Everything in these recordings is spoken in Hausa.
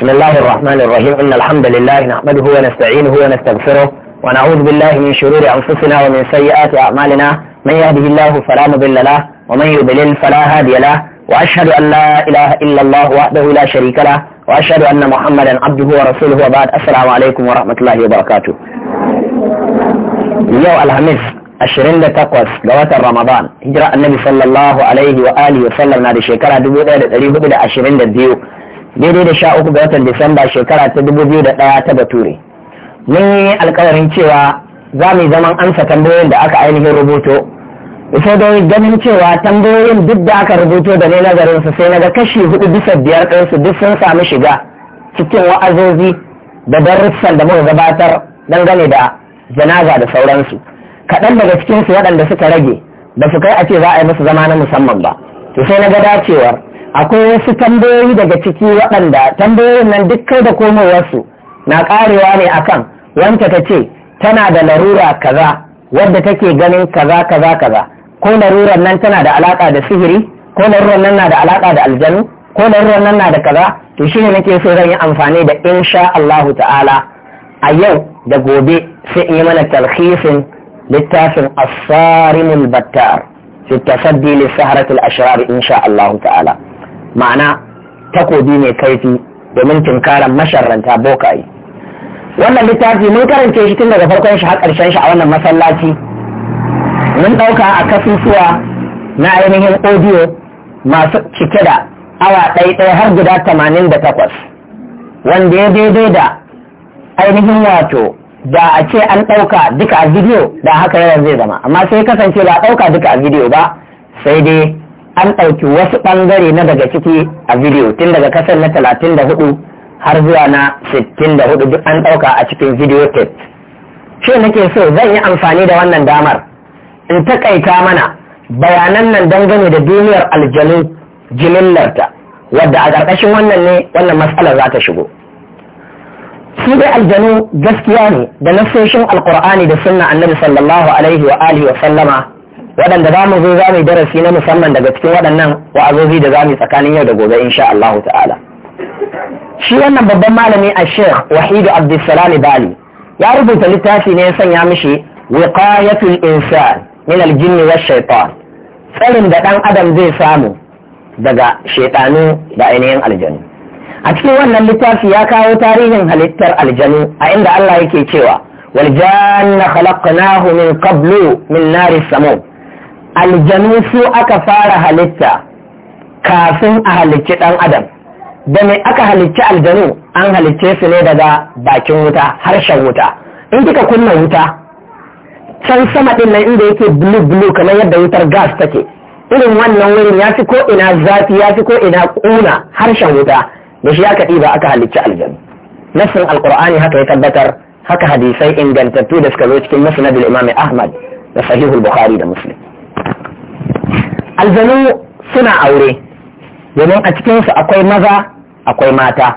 بسم الله الرحمن الرحيم إن الحمد لله نحمده ونستعينه ونستغفره ونعوذ بالله من شرور أنفسنا ومن سيئات أعمالنا من يهده الله فلا مضل له ومن يضلل فلا هادي له وأشهد أن لا إله إلا الله وحده لا شريك له وأشهد أن محمدا عبده ورسوله وبعد السلام عليكم ورحمة الله وبركاته يوم الخميس ashirin da takwas رمضان هجرة النبي صلى الله عليه وآله وسلم alihi wa sallam na da daidai da sha uku ga watan disamba shekara ta dubu biyu da ɗaya ta bature mun yi alkawarin cewa za mu yi zaman amsa tambayoyin da aka ainihin rubuto sai dai ganin cewa tambayoyin duk da aka rubuto da ne nazarin su sai naga kashi hudu bisa biyar ɗinsu duk sun samu shiga cikin wa'azozi da darussan da muka gabatar dangane da janaza da sauransu kaɗan daga cikinsu waɗanda suka rage ba su kai a ce za a yi musu zama na musamman ba to sai na ga dacewar akwai wasu tambayoyi daga ciki waɗanda tambayoyin nan duk da komowarsu na ƙarewa ne akan wanta ta ce tana da larura kaza wadda take ganin kaza kaza kaza ko larurar nan tana da alaƙa da sihiri ko larurar nan na da alaƙa da aljanu ko larurar nan na da kaza to shine nake so zan yi amfani da insha Allahu ta'ala a yau da gobe sai in yi mana talhisin littafin asarimul battar fi tasaddi lis saharatil ashrar insha Allahu ta'ala ma'ana takobi mai kaifi domin tunkaran masharranta bokaye wannan littafi mun karance shi tun daga farkon shi har karshen shi a wannan masallaci mun ɗauka a kasusuwa na ainihin audio masu cike da awa ɗaiɗaya har guda tamanin da takwas wanda ya daidai da ainihin wato da a ce an ɗauka duka a bidiyo da haka yawan zai zama amma sai kasance ba ɗauka duka a bidiyo ba sai dai an ɗauki wasu ɓangare na daga ciki a bidiyo tun daga kasar na talatin da hudu har zuwa na sittin da hudu duk an ɗauka a cikin video tape shi nake so zan yi amfani da wannan damar in takaita mana bayanan nan dangane da duniyar aljanu jimillarta wadda a ƙarƙashin wannan ne wannan matsalar za ta shigo su dai aljanu gaskiya ne da nasoshin alkur'ani da sunna annabi sallallahu alaihi wa alihi wa sallama waɗanda za mu zo za mu darasi na musamman daga cikin waɗannan wa'azozi da za mu tsakanin yau da gobe insha Allah ta'ala shi wannan babban malami a sheikh wahidu abdulsalami bali ya rubuta littafi ne ya sanya mishi wiqayatul insan min aljinn wa shaytan tsarin da ɗan adam zai samu daga shaytanu da ainihin aljanu a cikin wannan littafi ya kawo tarihin halittar aljanu a inda Allah yake cewa wal janna khalaqnahu min qablu min nari samum aljanu su aka fara halitta kafin a halicci ɗan adam da mai aka halicci aljanu an halicce su ne daga bakin wuta harshen wuta in kika kunna wuta can sama ɗin nan inda yake bulu bulu kamar yadda wutar gas take irin wannan wurin ya fi ko ina zafi ya fi ko ina ƙuna harshen wuta da shi aka ɗiba aka halicci aljanu nassin alkur'ani haka ya tabbatar haka hadisai ingantattu da suka zo cikin musnadul imam ahmad da sahihul bukhari da muslim aljanu suna aure domin a cikinsu akwai maza akwai mata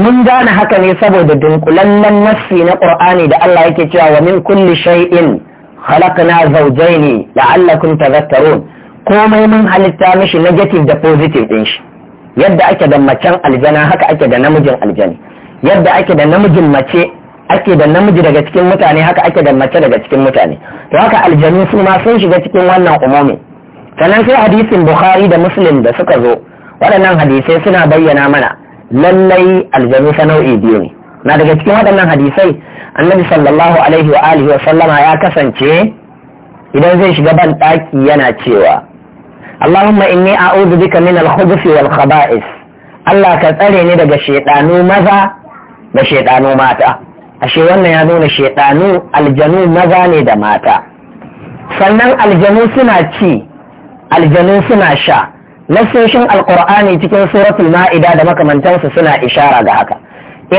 mun gane haka ne saboda dunkulallen nassi na ƙur'ani da Allah yake cewa wa min kulli shay'in khalaqna zawjayn la'allakum tadhakkarun komai mun halitta mishi negative da positive din shi yadda ake da macen aljana haka ake da namijin aljani yadda ake da namijin mace ake da namiji daga cikin mutane haka ake da mace daga cikin mutane to haka aljanu su ma sun shiga cikin wannan umumi sannan sai hadisin bukhari da muslim da suka zo waɗannan hadisai suna bayyana mana lallai aljanu sanau'i biyu ne na daga cikin waɗannan hadisai annabi sallallahu alaihi wa alihi wa sallama ya kasance idan zai shiga ban ɗaki yana cewa Allahumma inni a'udhu bika min al-khubuthi wal khaba'is Allah ka tsare ni daga shaiɗanu maza da shaiɗanu mata ashe wannan ya nuna shaiɗanu aljanu maza ne da mata sannan aljanu suna ci aljanu suna sha nasoshin alkur'ani cikin suratul ma'ida da makamantansu suna ishara ga haka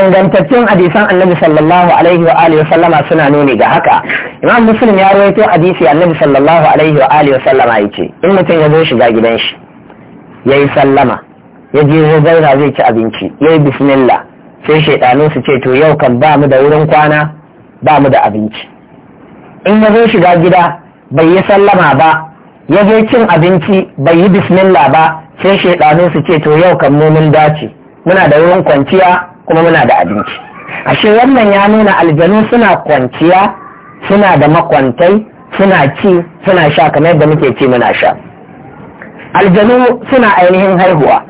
ingantattun hadisan annabi sallallahu alaihi wa alihi sallama suna nuni ga haka imam muslim ya rawaito hadisi annabi sallallahu alaihi wa alihi sallama yace in mutum ya zo shiga gidan shi yayi sallama ya je ya zauna zai ci abinci yayi bismillah sai shaidanu su ce to yau kan ba mu da wurin kwana ba mu da abinci in ya zo shiga gida bai yi sallama ba ya je cin abinci bai yi bismillah ba sai shaidanu su ce to yau kan mun dace muna da wurin kwanciya kuma muna da abinci ashe wannan ya nuna aljanu suna kwanciya suna da makwantai suna ci suna sha kamar yadda muke ci muna sha aljanu suna ainihin haihuwa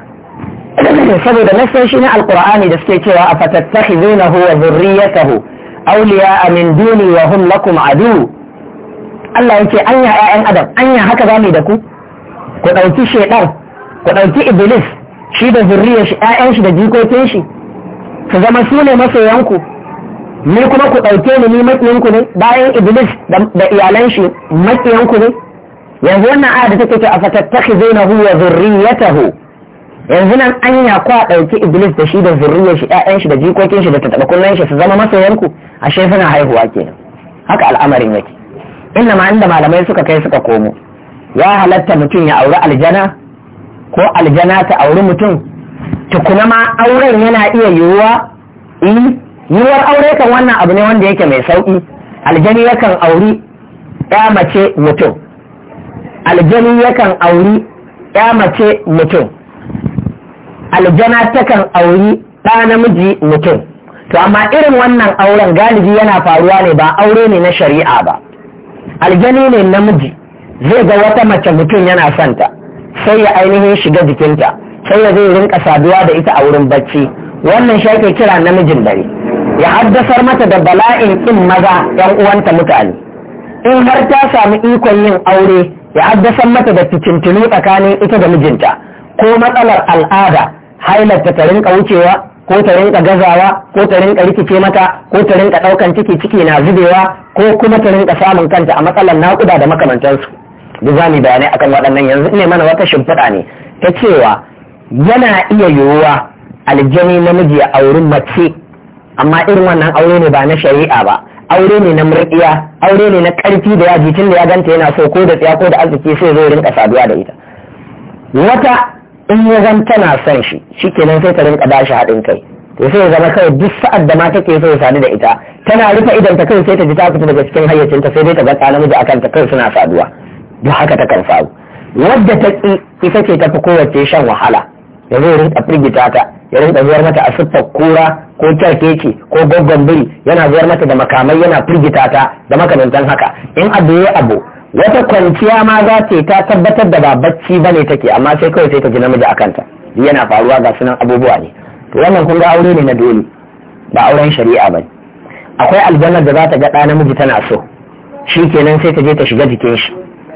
saboda shi na alkur'ani da suke cewa a fatattakhizunahu wa zurriyatahu awliya min duni wa hum lakum Allah ya ce anya ƴaƴan adam anya haka za mu da ku ku ɗauki shaidan ku ɗauki iblis shi da zurriyar shi ƴaƴan shi da jikokin shi su zama su ne masoyanku ni kuma ku ɗauke ni ni maƙiyanku ne bayan iblis da iyalan shi maƙiyanku ne yanzu wannan aya da take ce a fatattakhizunahu wa zurriyatahu yanzu nan anya a ɗauki iblis da shi da zurriyar shi ƴaƴan shi da jikokin shi da tattaɓa kullun shi su zama masoyanku ashe suna haihuwa kenan haka al'amarin yake inna ma inda malamai suka kai suka komo ya halatta mutum ya auri aljana ko aljana ta auri mutum tukuna ma auren yana iya yiwuwa eh, yiwuwar aure kan wannan abu ne wanda yake mai sauki aljani yakan auri ya mace mutum aljani yakan auri ya mace mutum aljana takan auri ɗa namiji mutum to amma irin wannan auren galibi yana faruwa ne ba aure ne na shari'a ba aljani ne namiji zai ga wata mace mutum yana santa sai ya ainihin shiga jikinta sai ya zai rinka saduwa da ita a wurin bacci wannan shi ake kira namijin dare ya haddasar mata da bala'in in maza yan uwanta mutane in har ta samu ikon yin aure ya haddasar mata da fitintinu tsakanin ita da mijinta ko matsalar al'ada hailata ta rinka wucewa ko ta rinka gazawa ko ta rinka rikice mata ko ta rinka ɗaukan ciki ciki na zubewa ko kuma ta rinka samun kanta a matsalar nakuda da makamantansu duk za mu bayanai akan waɗannan yanzu ne mana wata shimfiɗa ne ta cewa yana iya yiwuwa aljani namiji a auren mace amma irin wannan aure ne ba na shari'a ba aure ne na murƙiya aure ne na ƙarfi da yaji tun da ya ganta yana so ko da tsaya ko da arziki sai zo rinka saduwa da ita wata in ya zan tana son shi shi nan sai ta rinka ba shi haɗin kai to sai ya zama kawai duk sa'ad da mata ke so ya sadu da ita tana rufe idan ta kai sai ta ji ta fita daga cikin hayyacinta sai dai ta ga namiji akan ta kai suna saduwa duk haka ta kan faru wadda ta ki ita ce ta fi kowace shan wahala ya zo rinka firgita ta ya rinka zuwar mata a siffar kura ko kyarkeci ko gwaggon biri yana zuwar mata da makamai yana firgita ta da makamantan haka in abu ya abu wata kwanciya ma za ta ta tabbatar da ba bacci ba ne take amma sai kawai sai ka ji namiji a kanta yana faruwa ga sunan abubuwa ne to wannan kun ga aure ne na dole ba auren shari'a ba akwai aljannar da za ta ga ɗa namiji tana so shi kenan sai ta je ta shiga jikin shi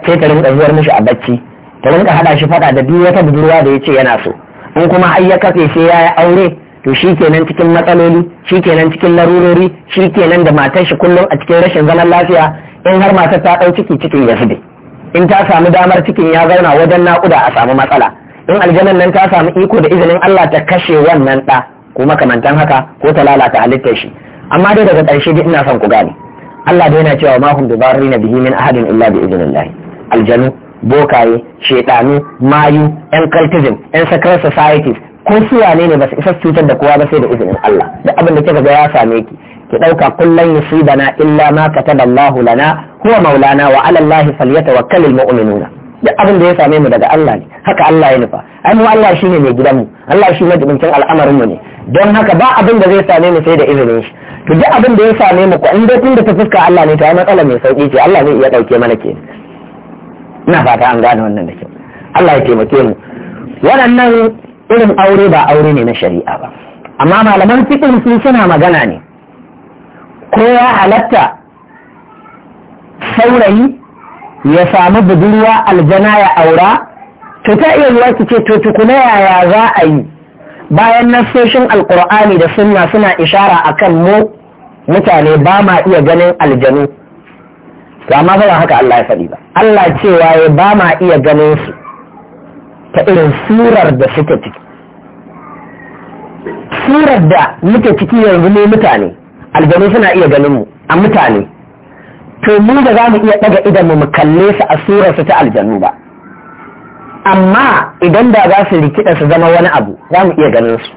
sai ta rinka zuwar mishi a bacci ta rinka haɗa shi faɗa da duk wata budurwa da ya ce yana so in kuma har ya kafe sai ya yi aure to shi kenan cikin matsaloli shi kenan cikin larurori shi kenan da matar shi kullum a cikin rashin zaman lafiya in har matar ta ɗau ciki cikin ya zube in ta samu damar cikin ya zauna wajen naƙuda a samu matsala in aljanan nan ta samu iko da izinin Allah ta kashe wannan ɗa ko makamantan haka ko ta lalata halittar shi amma dai daga ƙarshe dai ina son ku gane Allah dai yana cewa mahum na bihi min ahadin illa bi Allah aljanu bokaye shedanu mayu yan cultism yan sacred societies ko su wane ne ba su isa cutar da kowa ba sai da izinin Allah da abin da kika ga ya same ki ki ɗauka kullum bana illa ma ta Allahu lana huwa maulana wa ala Allah falyatawakkalul mu'minuna duk abin da ya same mu daga Allah ne haka Allah ya nufa ai mu Allah shine mai gidan mu Allah shi majibincin al'amarin mu ne don haka ba abin da zai same mu sai da izinin shi to duk abin da ya same mu ko in dai tun da ta fuska Allah ne ta yi matsala mai sauki ce Allah zai iya ɗauke mana ke ina fata an gane wannan da kyau Allah ya taimake mu waɗannan irin aure ba aure ne na shari'a ba amma malaman fiqh sun suna magana ne ko ya halatta saurayi ya sami budurwa aljana ya aura to ta iya yiwa ki ce to tukuna yaya za a yi bayan nasoshin alkur'ani da sunna suna ishara akan mu mutane ba ma iya ganin aljanu to amma ba haka Allah ya faɗi ba Allah cewa ya ba ma iya ganin su ta irin surar da suke ciki surar da muke ciki yanzu ne mutane aljanu suna iya ganin mu a mutane to mu da za mu iya ɗaga idan mu kalle su a surarsu ta aljanu ba amma idan da za su rikida su zama wani abu za mu iya ganin su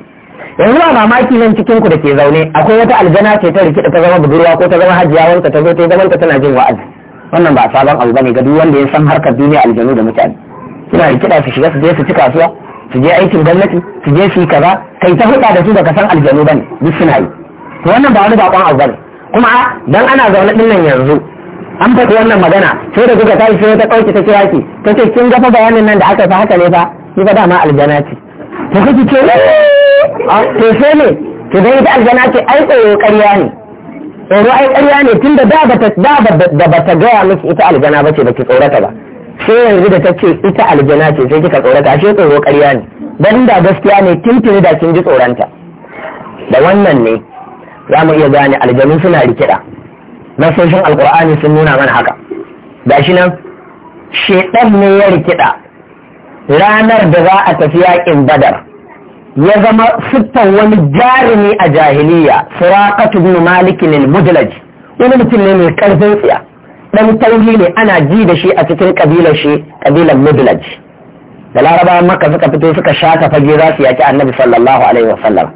yanzu ba mamaki nan cikin ku da ke zaune akwai wata aljana ce ta rikida ta zama budurwa ko ta zama hajiya wanda ta zo ta zama ta tana jin wa'azi wannan ba sabon abu bane ga duk wanda ya san harkar duniya aljanu da mutane suna rikida su shiga su je su ci kasuwa su je aikin gwamnati su je su yi kaza kai ta huɗa da su baka san aljanu bane duk suna yi wannan ba wani bakon abu bane kuma dan ana zaune din nan yanzu an faɗi wannan magana sai da kuka ta shi ta kauce ta kira ki ta ce kin gafa bayanin nan da aka fa haka ne fa ni fa dama aljana ce to kake ce eh, to sai ne ki dai ita aljana ce ai tsoro ƙarya ne tsoro ai ƙarya ne tunda da ta da bata gaya miki ita aljana bace baki tsorata ba sai yanzu da ta ce ita aljana ce sai kika tsorata ashe tsoro ƙarya ne dan da gaskiya ne tuntuni da kin ji tsoranta da wannan ne za mu iya gane aljanu suna rikida nasoshin alkur'ani sun nuna mana haka da shi nan shedan ne ya rikida ranar da za a tafi yakin badar ya zama siffan wani jarumi a jahiliya suraqatu ibn malik al-mudlaj wani mutum ne mai karfin tsiya dan tauhi ne ana ji da shi a cikin kabilar shi kabilar mudlaj da larabawan maka suka fito suka shaka fage za su yaki annabi sallallahu alaihi sallam.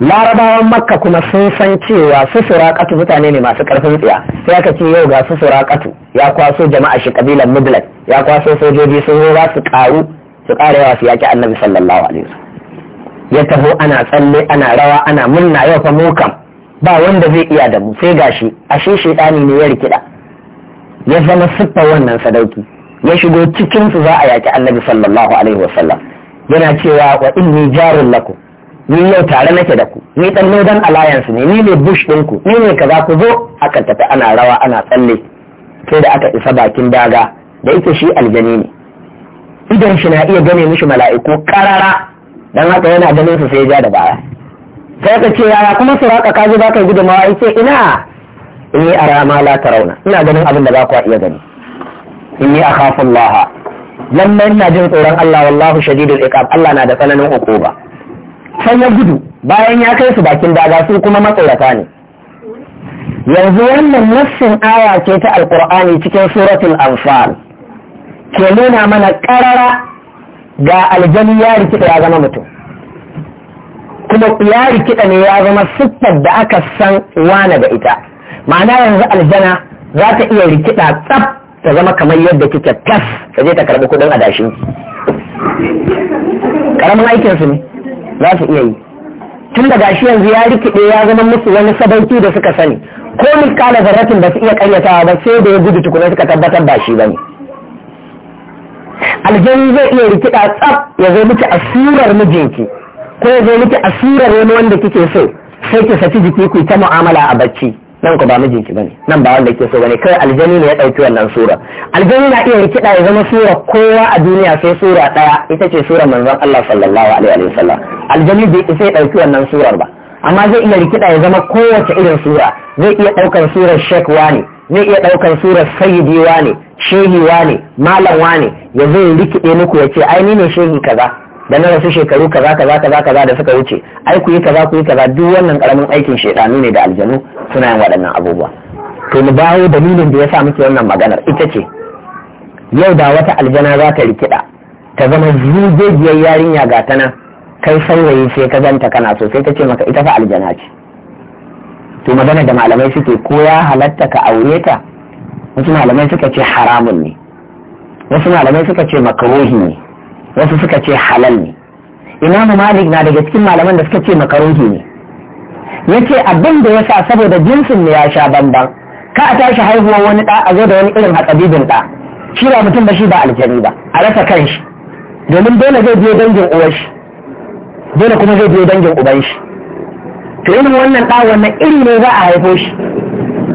larabawan makka kuma sun san cewa su surakatu mutane ne masu karfin tsiya sai aka ce yau ga su surakatu ya kwaso jama'a shi kabilan midland ya kwaso sojoji sun zo za su karu su kara su yaki annabi sallallahu alaihi ya taho ana tsalle ana rawa ana munna yau fa mu ba wanda zai iya da mu sai gashi shi shedani ne ya rikida ya zama siffar wannan sadauki ya shigo cikin su za a yaki annabi sallallahu alaihi wasallam yana cewa wa inni jarul lakum ni yau tare nake da ku ni dan nodan alliance ne ni ne bush ku. ni ne kaza ku zo aka tafi ana rawa ana tsalle sai da aka isa bakin daga da yake shi aljani ne idan shi na iya gane mishi mala'iku karara dan haka yana ganin su sai ya ja da baya sai ka ce yaya kuma su raka kaji ba ka mawa yace ina in yi arama la rauna ina ganin abin da za ku iya gani in yi akhafu lamma ina jin tsoron Allah wallahu shadidul iqab Allah na da tsananin hukuma sai ya gudu bayan ya kai su bakin daga su kuma matsayata ne yanzu wannan nassin aya ce ta alkur'ani cikin suratul anfal ke nuna mana karara ga aljani ya rikida ya zama mutum kuma ya rikida ne ya zama siffar da aka san wane da ita ma'ana yanzu aljana za ta iya rikida tsaf ta zama kamar yadda kike tas ta je ta karbi kudin adashin karamin aikinsu ne za su iya yi tun da gashi yanzu ya rikide ya zama musu wani sabanki da suka sani ko miskala zarratin ba su iya karyatawa ba sai da ya gudu tukuna suka tabbatar ba shi bane aljani zai iya rikida tsaf ya zo miki asurar mijinki ko ya zo miki asurar wani wanda kike so sai ki saki jiki ku ta mu'amala a bacci nan ku ba mijinki bane nan ba wanda ke so bane kai aljani ne ya dauki wannan sura aljani na iya rikida ya zama sura kowa a duniya sai sura daya ita ce sura manzon Allah sallallahu alaihi wasallam aljani bai isa ya ɗauki wannan surar ba amma zai iya rikida ya zama kowace irin sura zai iya ɗaukar surar shek ne zai iya ɗaukar surar sayyidi ne shehi ne malam ne ya zai rikide muku ya ce ai ni ne shehi kaza da na rasu shekaru kaza kaza kaza kaza da suka wuce ai ku yi kaza ku yi kaza duk wannan karamin aikin shedanu ne da aljanu suna yin waɗannan abubuwa to mu dawo dalilin da ya sa muke wannan maganar ita ce yau da wata aljana za ta rikida ta zama zugegiyar yarinya ga ta kai saurayi sai ka ganta kana so sai ta ce maka ita fa aljana ce to magana da malamai suke ko ya halatta ka aure ta wasu malamai suka ce haramun ne wasu malamai suka ce makaruhi ne wasu suka ce halal ne imamu malik na daga cikin malaman da suka ce makaruhi ne Ya ce abin da ya sa saboda jinsin ne ya sha banban, ka a tashi haihuwa wani da a zo da wani irin hatsabibin da shi ba mutum ba shi ba aljani ba a rasa kanshi domin dole zai biyo dangin uwar shi dole kuma zai biyo dangin uban shi to irin wannan ɗa wannan iri ne za a haifo shi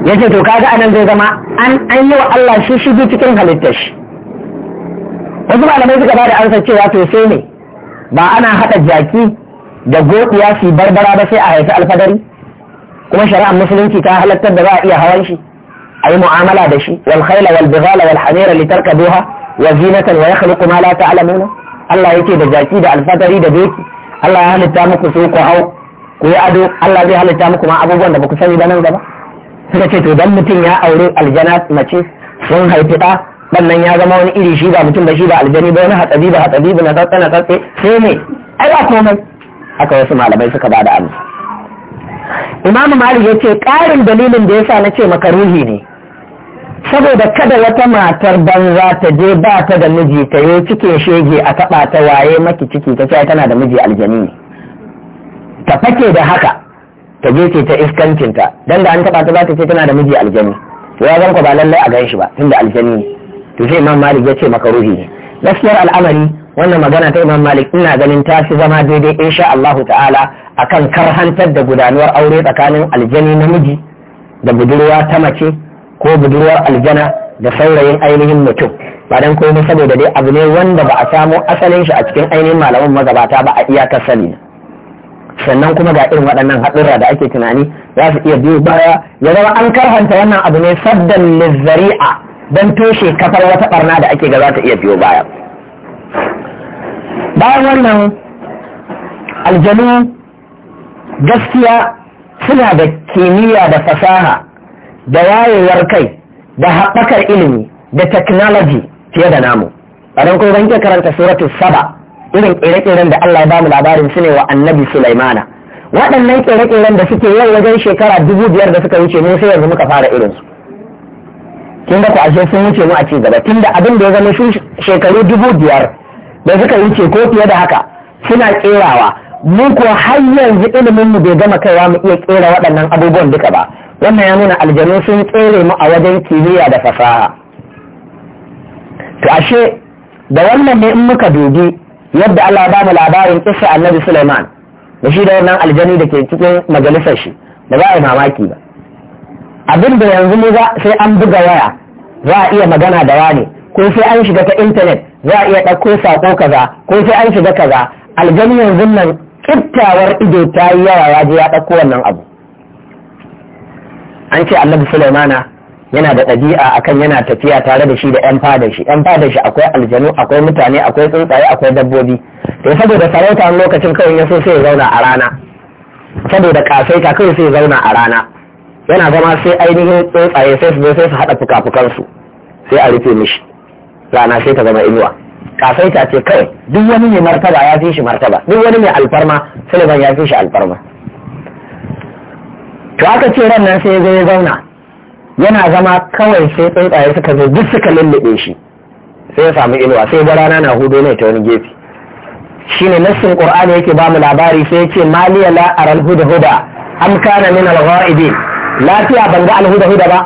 ya ce to kaga anan zai zama an an yi wa Allah shi cikin halittar shi wasu malamai suka da amsa cewa to sai ne ba ana haɗa jaki da goɗiya su barbara ba sai a haifi alfadari kuma shari'ar musulunci ta halattar da za a iya hawan shi a yi mu'amala da shi wal khayla wal bighala wal hamira litarkabuha wa zinatan wa yakhluqu ma la ta'lamuna Allah yake da jaki da alfadari da doki Allah ya halitta muku su ku hau ku yi ado Allah zai halitta muku ma abubuwan da baku sani ba nan gaba suka ce to dan mutum ya aure aljana mace sun haifi ɗa wannan ya zama wani iri shi ba mutum ba shi ba aljani ba wani hatsabi ba hatsabi ba na tsatsa na tsatsa sai ne ai ba komai haka wasu malamai suka ba da amsa imamu malik ya ce ƙarin dalilin da yasa na ce makaruhi ne saboda kada wata matar banza ta je ba ta da miji ta yi cikin shege a taɓa ta waye maki ciki ta ce tana da miji aljani ta fake da haka ta je ce ta iskancinta don da an taɓa ta za ta ce tana da miji aljani to ya zanko ba lallai a gan shi ba da aljani ne to sai imam malik ya ce maka ruhi ne gaskiyar al'amari wannan magana ta imam malik ina ganin ta fi zama daidai insha Allahu ta'ala akan karhantar da gudanuwar aure tsakanin aljani namiji da budurwa ta mace ko budurwar aljana da saurayin ainihin mutum ba dan komai saboda dai abu ne wanda ba a samo asalin shi a cikin ainihin malaman magabata ba a iyakar sani sannan kuma ga irin waɗannan haɗurra da ake tunani za su iya biyo baya ya zama an karhanta wannan abu ne saddan lizzari'a don toshe kafar wata barna da ake ga za ta iya biyo baya bayan wannan aljanu gaskiya suna da kimiyya da fasaha da wayewar kai da haɓakar ilimi da technology fiye da namu a don kuma ban karanta suratul saba irin ƙere-ƙeren da Allah ya bamu labarin su ne wa annabi Sulaimana waɗannan ƙere-ƙeren da suke yau wajen shekara dubu biyar da suka wuce mu sai yanzu muka fara irin su. kin ga ku ashe sun wuce mu a ci gaba tunda abin da ya zama shekaru dubu biyar da suka wuce ko fiye da haka suna ƙerawa mu kuwa har yanzu ilimin mu bai gama kaiwa mu iya ƙera waɗannan abubuwan duka ba wannan ya nuna aljanu sun tsere mu a wajen kimiyya da fasaha to ashe da wannan ne in muka dubi yadda Allah ba mu labarin kisa annabi Sulaiman da shi da wannan aljani da ke cikin majalisar shi ba za a yi mamaki ba abin da yanzu ne sai an buga waya za a iya magana da wane ko sai an shiga ta intanet za a iya ɗauko saƙo kaza ko sai an shiga kaza aljani yanzu nan kiftawar ido ta yi yawa ya ya ɗauko wannan abu an ce annabi sulaimana yana da ɗabi'a akan yana tafiya tare da shi da yan fada shi yan fada shi akwai aljanu akwai mutane akwai tsuntsaye akwai dabbobi to saboda sarauta lokacin kawai ya so sai ya zauna a rana saboda kasaita kawai sai ya zauna a rana yana zama sai ainihin tsuntsaye sai su zo sai su haɗa fuka-fukansu sai a rufe mishi rana sai ta zama inuwa kasaita ce kawai duk wani mai martaba ya fi shi martaba duk wani mai alfarma sulaiman ya fi shi alfarma to aka ce ran nan sai ya zauna yana zama kawai sai tsuntsaye suka zo duk suka lullube shi sai ya samu inuwa sai ga rana na hudu ne ta wani gefe shine nassin qur'ani yake ba mu labari sai ya ce maliya la aral huda huda am kana min al lafiya ban ga al huda huda ba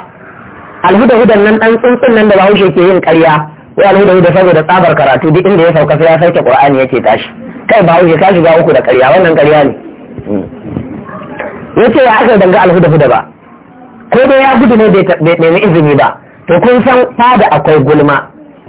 al huda hudan nan dan tsuntsun nan da bahaushe ke yin karya ko al huda huda saboda tsabar karatu duk inda ya sauka sai ya sauke qur'ani yake tashi kai bahaushe ka shiga uku da karya wannan karya ne hmm. ya ce ya aka danga alhuda-huda ba ko dai ya gudu ne bai nemi izini ba to kun san fada akwai gulma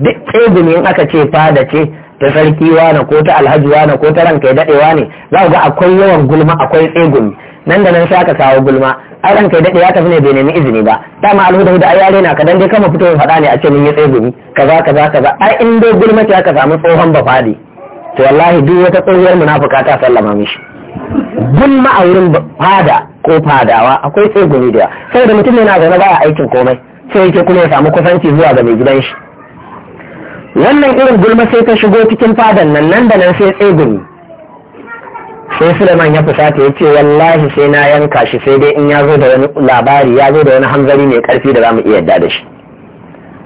duk tsegumi in aka ce fada ce ta sarki wane ko ta alhaji wane ko ta ranka ya daɗewa ne za ga akwai yawan gulma akwai tsegumi nan da nan sai aka kawo gulma ai ranka ya daɗe ya tafi ne bai nemi izini ba dama alhuda huda ai yare na dan dai kama fito faɗa ne a ce mun yi tsegumi kaza kaza kaza ai in dai gulma ce aka samu tsohon fadi to wallahi duk wata tsohuwar munafuka ta sallama mishi duk ma'aurin fada ko fadawa akwai tsegumi da yawa saboda mutum yana zaune baya aikin komai sai yake kuma ya samu kusanci zuwa ga mai gidan shi wannan irin gulma sai ta shigo cikin fadan nan nan da nan sai tsegumi sai suleiman ya fusata ya ce wallahi sai na yanka shi sai dai in ya zo da wani labari ya zo da wani hanzari mai karfi da za mu iya yadda da shi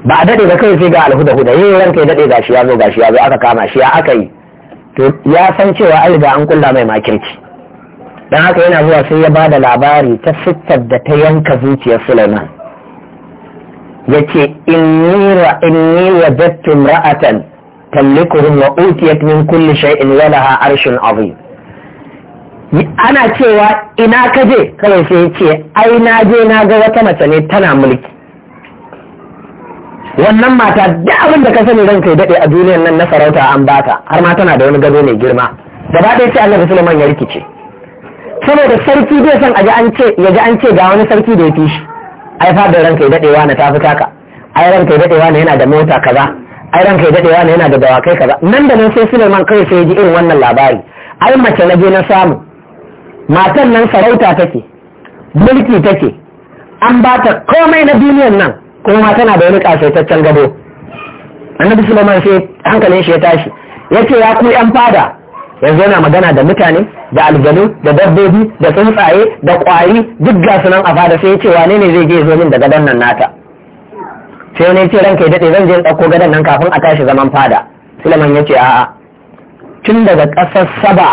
ba a daɗe da kai sai ga alhuda huda yin ranka ya daɗe gashi ya zo gashi ya zo aka kama shi ya aka yi to ya san cewa an riga an kulla mai makirci dan haka yana zuwa sai ya bada labari ta sittar da ta yanka zuciyar Sulaiman yace inni ra inni wajadtu ra'atan tamlikuhum wa utiyat min kulli shay'in wa laha arshun azim ana cewa ina kaje kawai sai yace ai na je na ga wata mace ne tana mulki wannan mata duk abin da ka sani ran kai daɗe a duniyar nan na sarauta an bata har ma tana da wani gado mai girma gaba ɗaya sai annabi Sulaiman ya rikice saboda sarki bai san aji an ce ya ji an ce ga wani sarki da ya fi shi ai fadar ranka ya daɗewa na tafi taka ai kai daɗe wa na yana da mota kaza ai kai daɗe wa na yana da dawakai kaza nan da nan sai Sulaiman kai sai ya ji irin wannan labari ai mace na je na samu matan nan sarauta take mulki take an bata komai na duniyar nan kuma tana da wani kasaitaccen gado annabi Sulaiman sai hankalin shi ya tashi Ya ce ya ku yan fada yanzu yana magana da mutane da aljanu da dabbobi da tsuntsaye da kwari duk ga sunan a fada sai ya ce wane ne zai je zo min da gadon nan nata sai wani ce ranka ya daɗe zan je dauko gadon nan kafin a tashi zaman fada Sulaiman ce a'a tun daga ƙasar Saba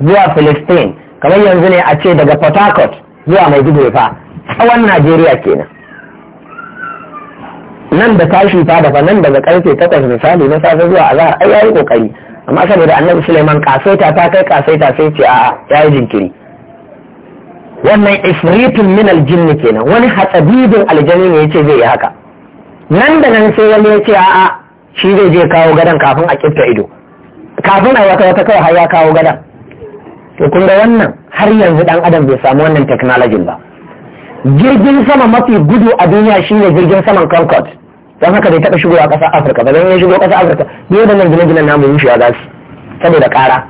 zuwa Filistin kamar yanzu ne a ce daga Port Harcourt zuwa Maiduguri fa tsawon Najeriya kenan nan da tashi ta dafa nan daga karfe takwas misali na safe zuwa azhar ai yayi kokari amma saboda annabi Suleiman kasaita ta kai kasaita sai ce a yayi jinkiri wannan ifritun min aljinn kenan wani hatsabibin aljanni ne yace zai yi haka nan da nan sai wani yace a'a shi zai je kawo gadan kafin a kifta ido kafin a wata wata kawai har ya kawo gadan to kun ga wannan har yanzu dan adam bai samu wannan technology ba jirgin sama mafi gudu a duniya shine jirgin saman Concord. don haka bai taɓa shigowa ƙasar afirka ba don ya shigo ƙasar afirka ne nan gine-ginen namu rushewa za su saboda ƙara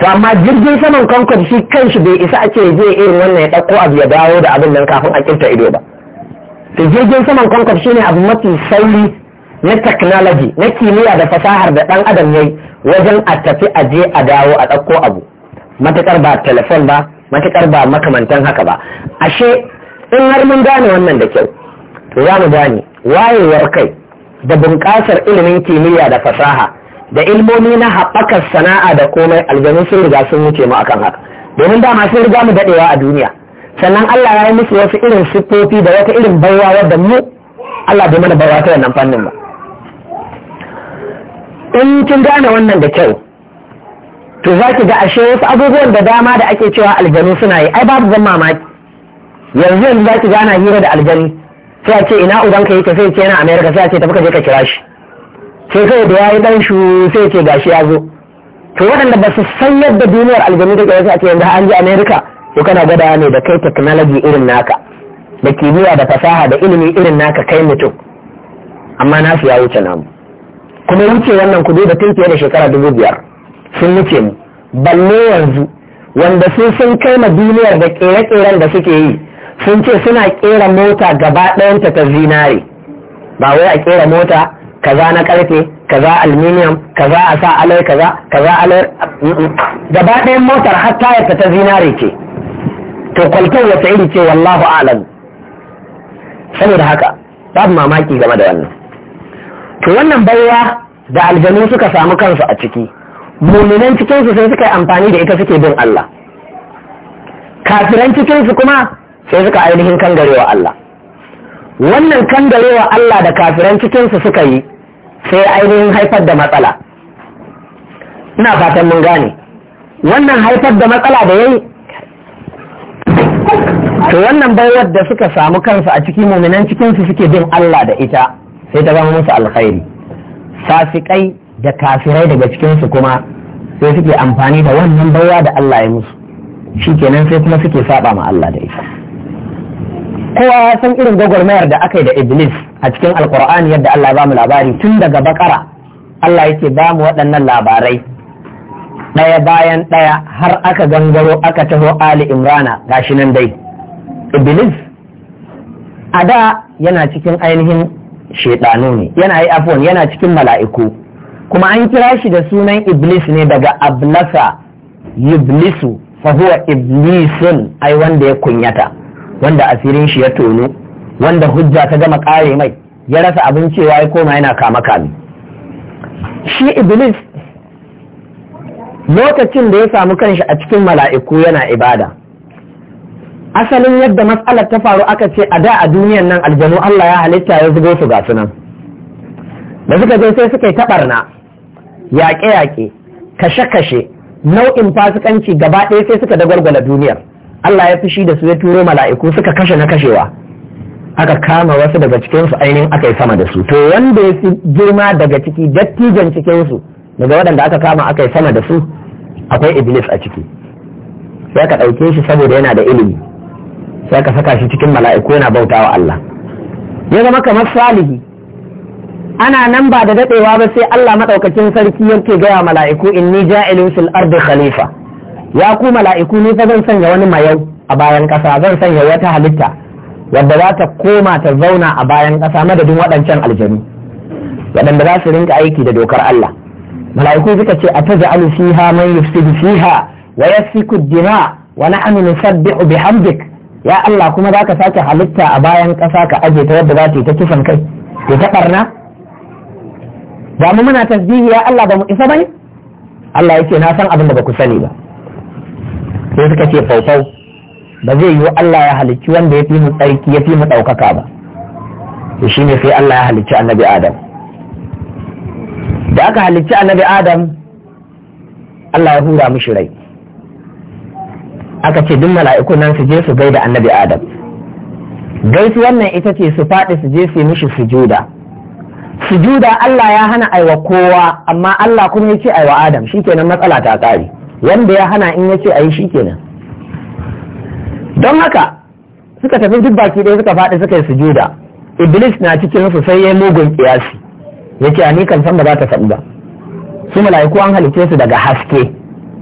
to amma jirgin saman kankan shi kan shi bai isa ake zai irin wannan ya ɗauko abu ya dawo da abin nan kafin a kirta ido ba to jirgin saman shi ne abu mafi sauri na technology na kimiyya da fasahar da ɗan adam yi wajen a tafi a je a dawo a ɗauko abu matuƙar ba telefon ba matuƙar ba makamantan haka ba ashe in har mun gane wannan da kyau to za mu gane wayewar kai da bunƙasar ilimin kimiyya da fasaha da ilmomi na haɓakar sana'a da komai aljanu sun riga sun wuce mu akan haka domin dama sun riga mu daɗewa a duniya sannan Allah ya yi musu wasu irin siffofi da wata irin baiwa wadda mu Allah bai mana baiwa ta wannan fannin ba in kin gane wannan da kyau to za ki ga ashe wasu abubuwan da dama da ake cewa aljanu suna yi ai babu zan mamaki yanzu yanzu za ki gana hira da aljanu sai a ce ina ubanka yake sai ce yana amerika sai a ce tafi ka je ka kira shi sai kai da yayi dan shu sai ce gashi ya zo to waɗanda ba su san yadda duniyar aljanu take sai a ce yanzu an je amerika to kana gwada ne da kai technology irin naka da kimiyya da fasaha da ilimi irin naka kai mutum amma nasu ya wuce namu kuma wuce wannan ku da tun fiye da shekara dubu biyar sun wuce mu balle yanzu wanda sun sun kai ma duniyar da kere-keren da suke yi sun ce suna kera mota gaba ɗayanta ta zinare ba wai a kera mota kaza na karfe kaza aluminium kaza a sa alai kaza kaza alai gaba ɗayan motar har tayarta ta zinare ce to kwalkwal wata iri ce wallahu alam saboda haka babu mamaki game da wannan to wannan baiwa da aljanu suka samu kansu a ciki muminan cikinsu sai suka yi amfani da ita suke bin Allah kafiran cikinsu kuma sai suka ainihin kangarewa Allah wannan kangarewa Allah da kafiran cikinsu suka yi sai ainihin haifar da matsala ina fatan mun gane wannan haifar da matsala da yayi to wannan bayar da suka samu kansu a cikin muminan cikinsu suke bin Allah da ita sai ta zama musu alkhairi fasikai da kafirai daga cikinsu kuma sai suke amfani da wannan baiwa da Allah ya musu shi kenan sai kuma suke saba ma Allah da ita kowa ya san irin gwagwarmayar da aka yi da iblis a cikin alkur'ani yadda Allah ba mu labari tun daga bakara Allah yake ba mu waɗannan labarai ɗaya bayan ɗaya har aka gangaro aka taho ali imrana gashi nan dai iblis a da yana cikin ainihin shaidanu ne yana yi afon yana cikin mala'iku kuma an kira shi da sunan iblis ne daga ablasa yublisu fa huwa iblisun ai wanda ya kunyata wanda asirin shi ya tono wanda hujja ta gama kare mai ya rasa abin cewa ya koma yana kama kame shi iblis lokacin da ya samu kanshi a cikin mala'iku yana ibada asalin yadda matsalar ta faru aka ce a da a duniyan nan aljanu Allah ya halitta ya zubo su ga sunan da suka je sai suka yi taɓarna yaƙe-yaƙe kashe-kashe nau'in fasikanci gaba ɗaya sai suka dagwalgwala duniyar Allah ya fushi da su ya turo mala'iku suka kashe na kashewa aka kama wasu daga cikinsu ainihin aka yi sama da su to wanda ya fi girma daga ciki dattijan cikinsu daga waɗanda aka kama aka yi sama da su akwai iblis a ciki sai ka ɗauke shi saboda yana da ilimi sai ka saka shi cikin mala'iku yana bautawa Allah ya zama kamar salihi ana nan ba da daɗewa ba sai Allah maɗaukakin sarki yake gaya mala'iku inni ja'ilun fil ardi khalifa ya ku mala'iku ni fa zan sanya wani mayau a bayan ƙasa zan sanya wata halitta wadda za ta koma ta zauna a bayan ƙasa madadin waɗancan aljanu waɗanda za su rinka aiki da dokar Allah mala'iku suka ce a ta ja'alu fiha man yufsidu fiha wa yasfiku dima wa nahnu nusabbihu bihamdik ya Allah kuma za ka sake halitta a bayan ƙasa ka aje ta yadda za ta yi ta kisan kai ta ta ɓarna ba mu muna tasbihi ya Allah ba mu isa bane Allah yake na san abin da ba ku sani ba sai suka ce faufau ba zai yiwu Allah ya halicci wanda ya fi mu tsarki ya fi mu ɗaukaka ba to ne sai Allah ya halicci annabi Adam da aka halicci annabi Adam Allah ya hura mishi rai aka ce duk mala'iku nan su je su gaida annabi Adam gaisu wannan ita ce su faɗi su je su yi mishi sujuda sujuda Allah ya hana aiwa kowa amma Allah kuma ya ce aiwa Adam shi kenan matsala ta ƙare wanda ya hana in ya ce a yi shi kenan don haka suka tafi duk baki ɗaya suka faɗi suka yi sujuda iblis na cikin su sai ya mugun kiyasi ya ce ni kan san ba za ta faɗi ba su mala'iku an halice su daga haske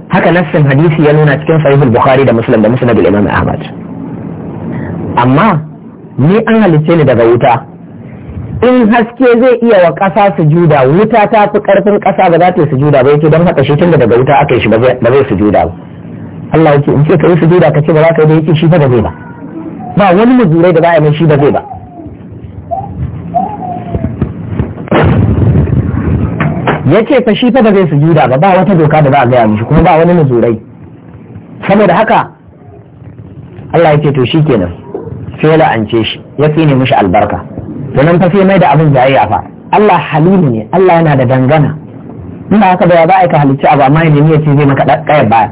haka nassin hadisi ya nuna cikin sahihul bukhari da muslim da musnad al-imam ahmad amma ni an halice ni daga wuta in haske zai iya wa ƙasa sujuda wuta ta fi ƙarfin ƙasa ba za ta yi sujuda ba yake don haka shi tunda daga wuta aka yi shi ba zai sujuda ba Allah yake in ce ka yi sujuda ka ce ba za ka yi da yake shi ba zai ba ba wani mujure da ba a yi shi ba zai ba ya ce fa shi fa ba zai sujuda ba ba wata doka da za a gaya mishi kuma ba wani muzurai saboda haka Allah yake to shi kenan sai la'ance shi ya ne mishi albarka to nan fa sai mai da abin yayi fa Allah halimu ne Allah yana da dangana in ba haka ba za a ka halicci abu amma yanzu ya ce zai maka kayan baya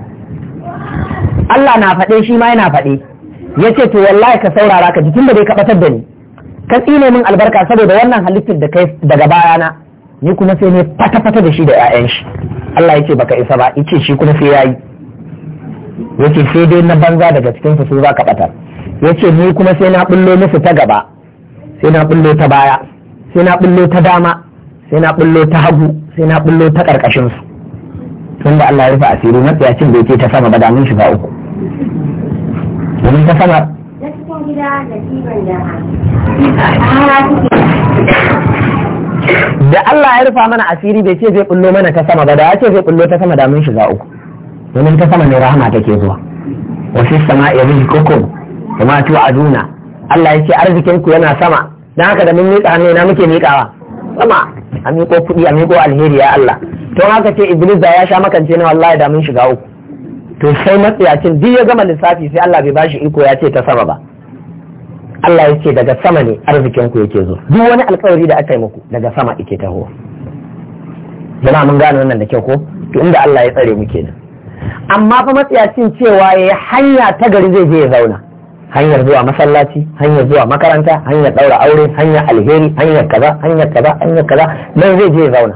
Allah na faɗe shi ma yana faɗe yace ce to wallahi ka saurara ka jikin da bai batar da ni ka tsine min albarka saboda wannan halittar da kai daga baya na. ni kuma sai ne fata-fata da shi da 'ya'yan shi Allah ya baka isa ba yace shi kuma sai ya yi sai dai na banza daga cikin su za ka ɓatar ya ni kuma sai na bullo musu ta gaba sai na bullo ta baya sai na bullo ta dama sai na bullo ta hagu sai na bullo ta karkashin su da Allah ya rufe asiri matsayacin bai ce ta sama ba da mun shiga uku domin ta sama da Allah ya rufa mana asiri bai ce zai bullo mana ta sama ba da ya ce zai bullo ta sama da mun shiga uku domin ta sama ne rahama take zuwa wasu sama'i rizqukum kuma tu'aduna Allah ya ce arzikin ku yana sama dan haka da mun miƙa hannu na muke miƙawa sama a miƙo kuɗi a miƙo alheri ya Allah to haka ce Iblis da ya sha makance na wallahi da mun shiga uku to sai matsiyacin duk ya gama lissafi sai Allah bai bashi iko ya ce ta sama ba Allah ya ce daga sama ne arzikin ku yake zo duk wani alkawari da aka yi muku daga sama yake taho jama mun gane wannan da kyau ko to inda Allah ya tsare mu kenan amma fa matsiyacin cewa ya hanya ta gari zai je ya zauna hanyar zuwa masallaci hanyar zuwa makaranta hanyar daura aure hanyar alheri hanyar kaza hanyar kaza hanyar kaza nan zai je zauna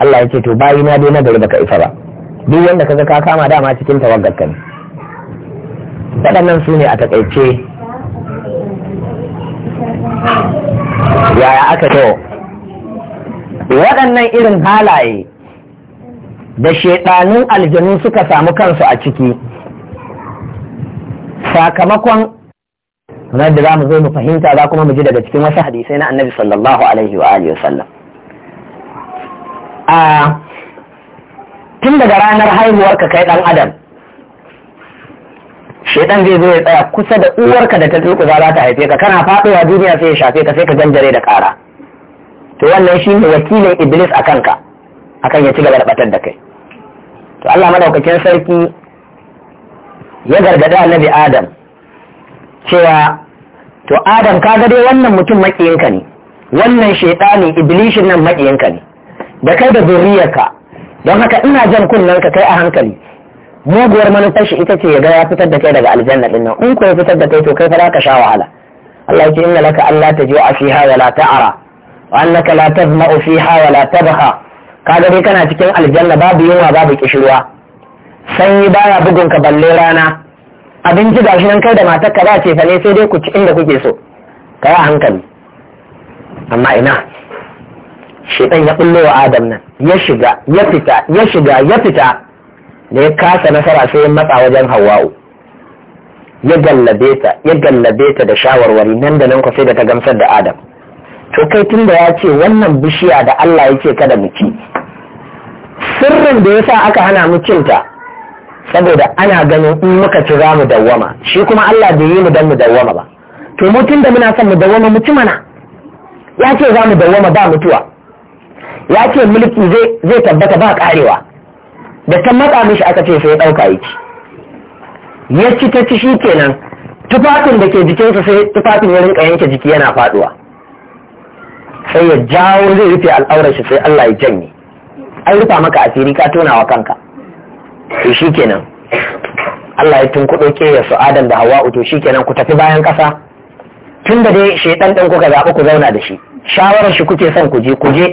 Allah ya ce to bayi na dai na gari baka isa ba duk wanda kaga ka kama dama cikin tawaggar ka ne waɗannan su ne a takaice yaya aka to waɗannan irin halaye da shaidanun aljanu suka samu kansu a ciki sakamakon kamar da za mu zo mu fahimta za kuma mu ji daga cikin wasu hadisai na annabi sallallahu alaihi wa alihi wasallam tun daga ranar haihuwar ka kai dan adam shaidan zai zo ya tsaya kusa da uwarka da ta turkuza za ta haife ka kana faɗowa duniya sai ya shafe ka sai ka ganjare da ƙara to wannan shi ne wakilin iblis a kanka akan ya ci gaba da batar da kai to allah madaukakin sarki ya gargada annabi adam cewa to adam kaga dai wannan mutum makiyinka ne wannan ne iblishin nan makiyinka ne da kai da zuriyarka don haka ina jan kunnen ka kai a hankali muguwar manufar shi ita ce ya ga ya fitar da kai daga aljanna din nan in ko ya fitar da kai to kai fa ka sha wahala Allah ya ce inna laka Allah a fiha wa la ta'ara wa annaka la tazma'u fiha wa la tabha kaga dai kana cikin aljanna babu yunwa babu kishirwa sanyi baya bugun ka balle rana abinci gashi nan kai da matar ka ba ce fa ne sai dai ku ci inda kuke so ka yi hankali amma ina shaitan ya bullo wa adam nan ya shiga ya fita ya shiga ya fita da ya kasa nasara sai ya matsa wajen hawa'u ya gallabe ta ya gallabe ta da shawarwari nan da nan ku sai da ta gamsar da adam to kai tun da ya ce wannan bishiya da Allah yake kada mu ci sirrin da yasa aka hana mu cinta saboda ana ganin in muka ci za mu dawwama shi kuma Allah bai yi mu dan mu dawwama ba to mutum da muna son mu dawwama mu ci mana ya ce za mu dawwama ba mutuwa ya ce mulki zai tabbata ba karewa da ta matsa mishi aka ce sai ya ɗauka ya ci ya ci ta ci shi kenan tufafin da ke jikinsa sai tufafin ya rinka yanke jiki yana faduwa sai ya jawo zai rufe al'aurar shi sai Allah ya janye an rufa maka asiri ka tonawa kanka to shi kenan Allah ya tunkuɗo ke ya su Adam da Hawa'u to shi kenan ku tafi bayan ƙasa tun da dai shaidan ɗin kuka zaɓi ku zauna da shi shawarar shi kuke son ku je ku je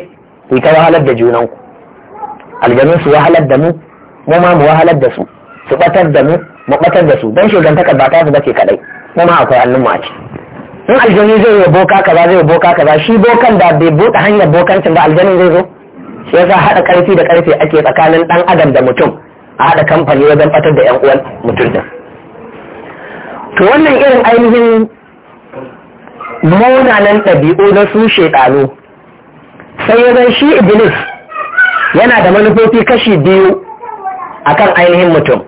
ku ta wahalar da junanku aljanun su wahalar da mu mu ma mu wahalar da su su ɓatar da mu mu ɓatar da su don shugantaka ba ta su bace kaɗai mu ma akwai hannun mu a ci in aljani zai yi boka kaza zai yi boka kaza shi bokan da bai buɗe hanyar bokancin da aljanin zai zo shi yasa haɗa ƙarfi da ƙarfe ake tsakanin ɗan adam da mutum a haɗa kamfani wajen batar da yan uwan mutum din to wannan irin ainihin munanan ɗabi'u na su shekaru sai ya zan shi iblis yana da manufofi kashi biyu a kan ainihin mutum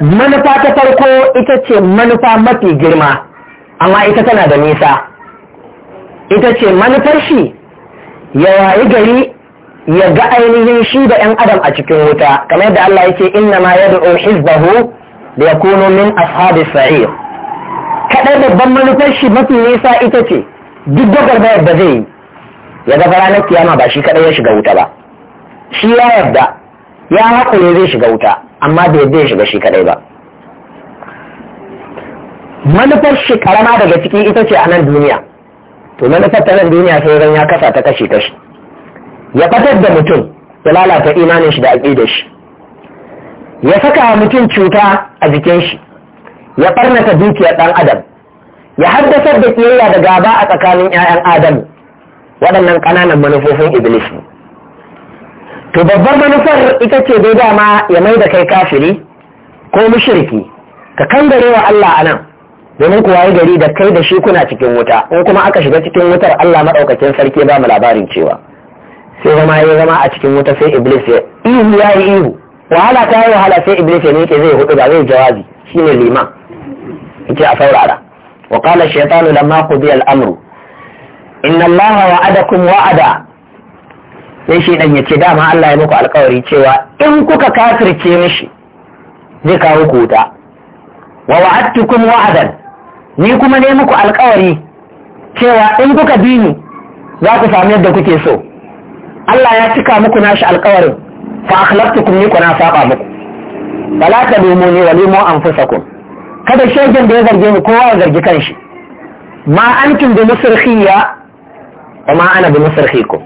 manufa ta farko ita ce manufa mafi girma amma ita tana da nisa ita ce manufar shi ya wayi gari ya ga ainihin shi da ‘yan adam a cikin wuta kamar yadda Allah ya ce inna ma ya da'o hizbahu da ya kuno min ashabi sa'ir kaɗai babban manufar shi mafi nisa ita ce duk da garbayar zai ya ga ranar kiyama ba shi kaɗai ya shiga wuta ba shi ya yarda ya haƙure zai shiga wuta amma bai yadda ya shiga shi kaɗai ba manufar shi karama daga ciki ita ce a nan duniya to manufar ta nan duniya sai ran ya kasa ta kashi kashi ya fatar da mutum ya lalata imanin shi da aƙidar shi ya saka mutum cuta a jikin shi ya ɓarnata dukiyar ɗan adam ya haddasar da ƙiyayya da gaba a tsakanin 'ya'yan adam waɗannan ƙananan manufofin iblis ne to babbar manufar ita ce dai dama ya mai da kai kafiri ko mushriki ka kangare wa Allah anan domin kuwa waye gari da kai da shi kuna cikin wuta in kuma aka shiga cikin wutar Allah maɗaukakin sarki ba mu labarin cewa sai zama ya zama a cikin wuta sai iblis ya ihu ya yi ihu wahala ta yi wahala sai iblis ya miƙe zai hudu ga zai jawazi shine liman yace a saurara wa qala shaytanu lamma qudiya al-amru inna allaha wa'adakum wa'ada sai shi dan yace dama Allah ya muku alƙawari cewa in kuka kafirce mishi zai kawo ku wuta wa wa'adtukum wa'adan ni kuma ne muku alƙawari cewa in kuka bi ni za ku samu yadda kuke so Allah ya cika muku nashi alkawarin fa akhlaqtukum ni kuna saba muku bala wala talumuni wa limu anfusakum kada shegen da ya zarge ni kowa ya zargi kanshi ma antum bi musrikhiya wa ma ana bi musrikhikum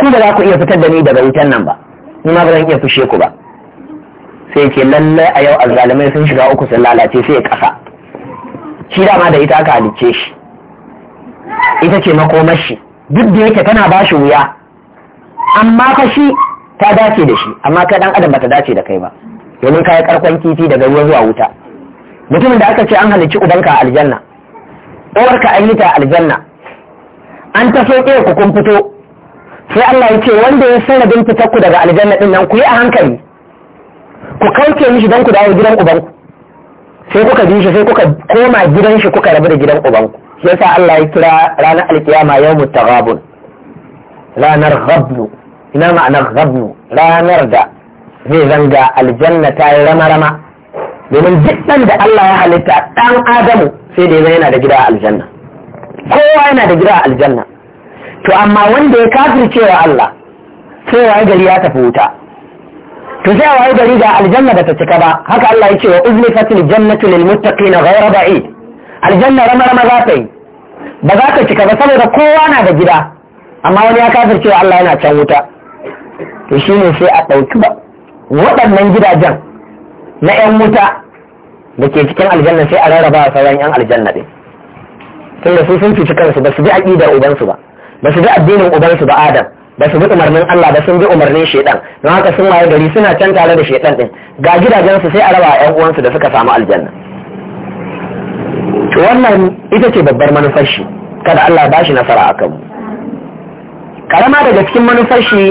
ku da za ku iya fitar da ni daga wutan nan ba ni ma ba zan iya fushe ku ba sai ke lalle a yau azzalimai sun shiga uku sun lalace sai kasa shi dama da ita aka halicce shi ita ce shi. duk da yake tana ba shi wuya amma fa shi ta dace da shi amma kai dan adam bata dace da kai ba domin kai karkon kifi daga ruwa zuwa wuta mutumin da aka ce an halicci ubanka a aljanna uwarka an yi ta aljanna an ta soke ku kun fito sai Allah ya ce wanda ya sanadin fitar ku daga aljanna din nan ku yi a hankali ku kauce mishi dan ku dawo gidan ubanku sai kuka bi shi sai kuka koma gidan shi kuka rabu da gidan ubanku shi yasa Allah ya kira ranar alkiyama yawmut taghabun ranar ghabnu ina ma'anar ghabnu ranar da zai zanga aljanna ta yi rama-rama domin duk da Allah ya halitta dan adamu sai da yana da gida a aljanna kowa yana da gida a aljanna to amma wanda ya kafircewa Allah sai waye gari ya tafi wuta to sai waye gari da aljanna ba ta cika ba haka Allah ya ce wa uzlifatil jannatu lil muttaqina ghayra ba'id aljanna rama rama za ta yi ba za ta cika ba saboda kowa na da gida amma wani ya kafir cewa Allah yana can wuta to shi ne sai a ɗauki ba waɗannan gidajen na 'yan wuta da ke cikin aljanna sai a rarraba a sauran 'yan aljanna ɗin tunda su sun cuci kansu ba su bi aƙidar ubansu ba ba su bi addinin ubansu ba adam ba su bi umarnin Allah ba sun bi umarnin shaidan, don haka sun waye gari suna can tare da shaidan ɗin, ga gidajensu sai a raba 'yan uwansu da suka samu aljanna to wannan ita ce babbar manufar shi kada Allah ba shi nasara a kanmu karama daga cikin manufar shi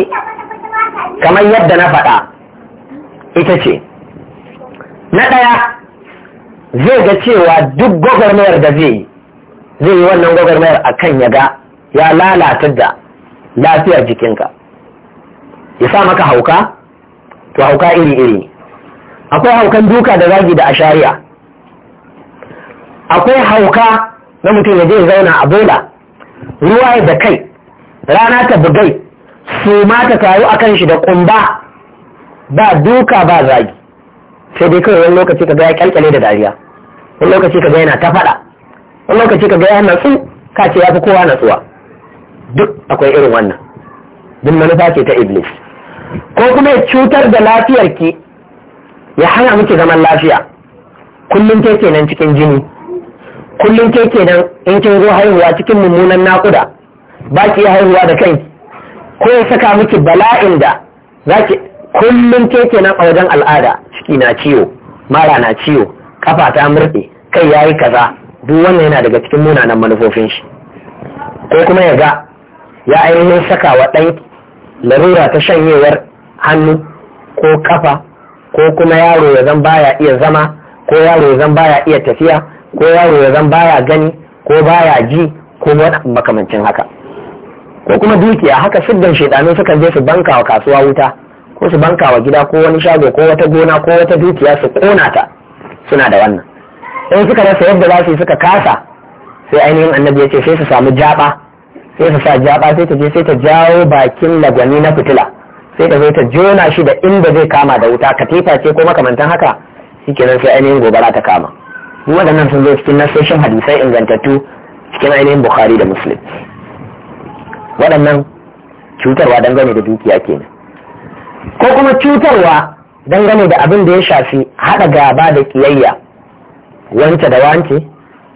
kamar yadda na faɗa ita ce na ɗaya zai ga cewa duk gwagwarmayar da zai yi zai wannan gwagwarmayar a kan ya ga ya lalata da lafiyar jikinka ya sa maka hauka to hauka iri-iri akwai haukan duka da zagi da ashariya akwai hauka na mutum ya je zauna a bola ruwa da kai rana ta bugai su ma ta taru a kan shi da kumba ba duka ba zagi sai dai kawai wani lokaci ka ga ya kyalkyale da dariya wani lokaci ka ga yana ta faɗa wani lokaci ka ga ya natsu ka ce ya fi kowa natsuwa duk akwai irin wannan duk manufa ce ta iblis ko kuma ya cutar da lafiyarki ya hana miki zaman lafiya kullum ke kenan cikin jini kullum ke kenan in kin zo haihuwa cikin mummunan nakuda ba ki haihuwa da kai. ko ya saka miki bala'in da za ki kullum ke kenan a wajen al'ada ciki na ciwo mara na ciwo kafa ta murɗe kai yayi kaza duk wannan yana daga cikin munanan manufofin shi ko kuma ya ga ya ainihin saka wa ɗan larura ta shanyewar hannu ko kafa ko kuma yaro ya zan baya iya zama ko yaro ya zan baya iya tafiya ko yaro ya zan baya gani ko baya ji ko makamancin haka ko kuma dukiya haka shiddan shaidanu sukan je su banka wa kasuwa wuta ko su banka wa gida ko wani shago ko wata gona ko wata dukiya su kona ta suna da wannan in suka rasa yadda za su yi suka kasa sai ainihin annabi ya ce sai su samu jaba sai su sa jaba sai ta je sai ta jawo bakin lagwani na fitila sai ta zo ta jona shi da inda zai kama da wuta katifa ce ko makamantan haka shi shikenan sai ainihin gobara ta kama waɗannan sun zo cikin nasoshin hadisai ingantattu cikin ainihin bukhari da muslim waɗannan cutarwa dangane da dukiya kenan ko kuma cutarwa dangane da abin da ya shafi haɗa gaba da ƙiyayya wance da wance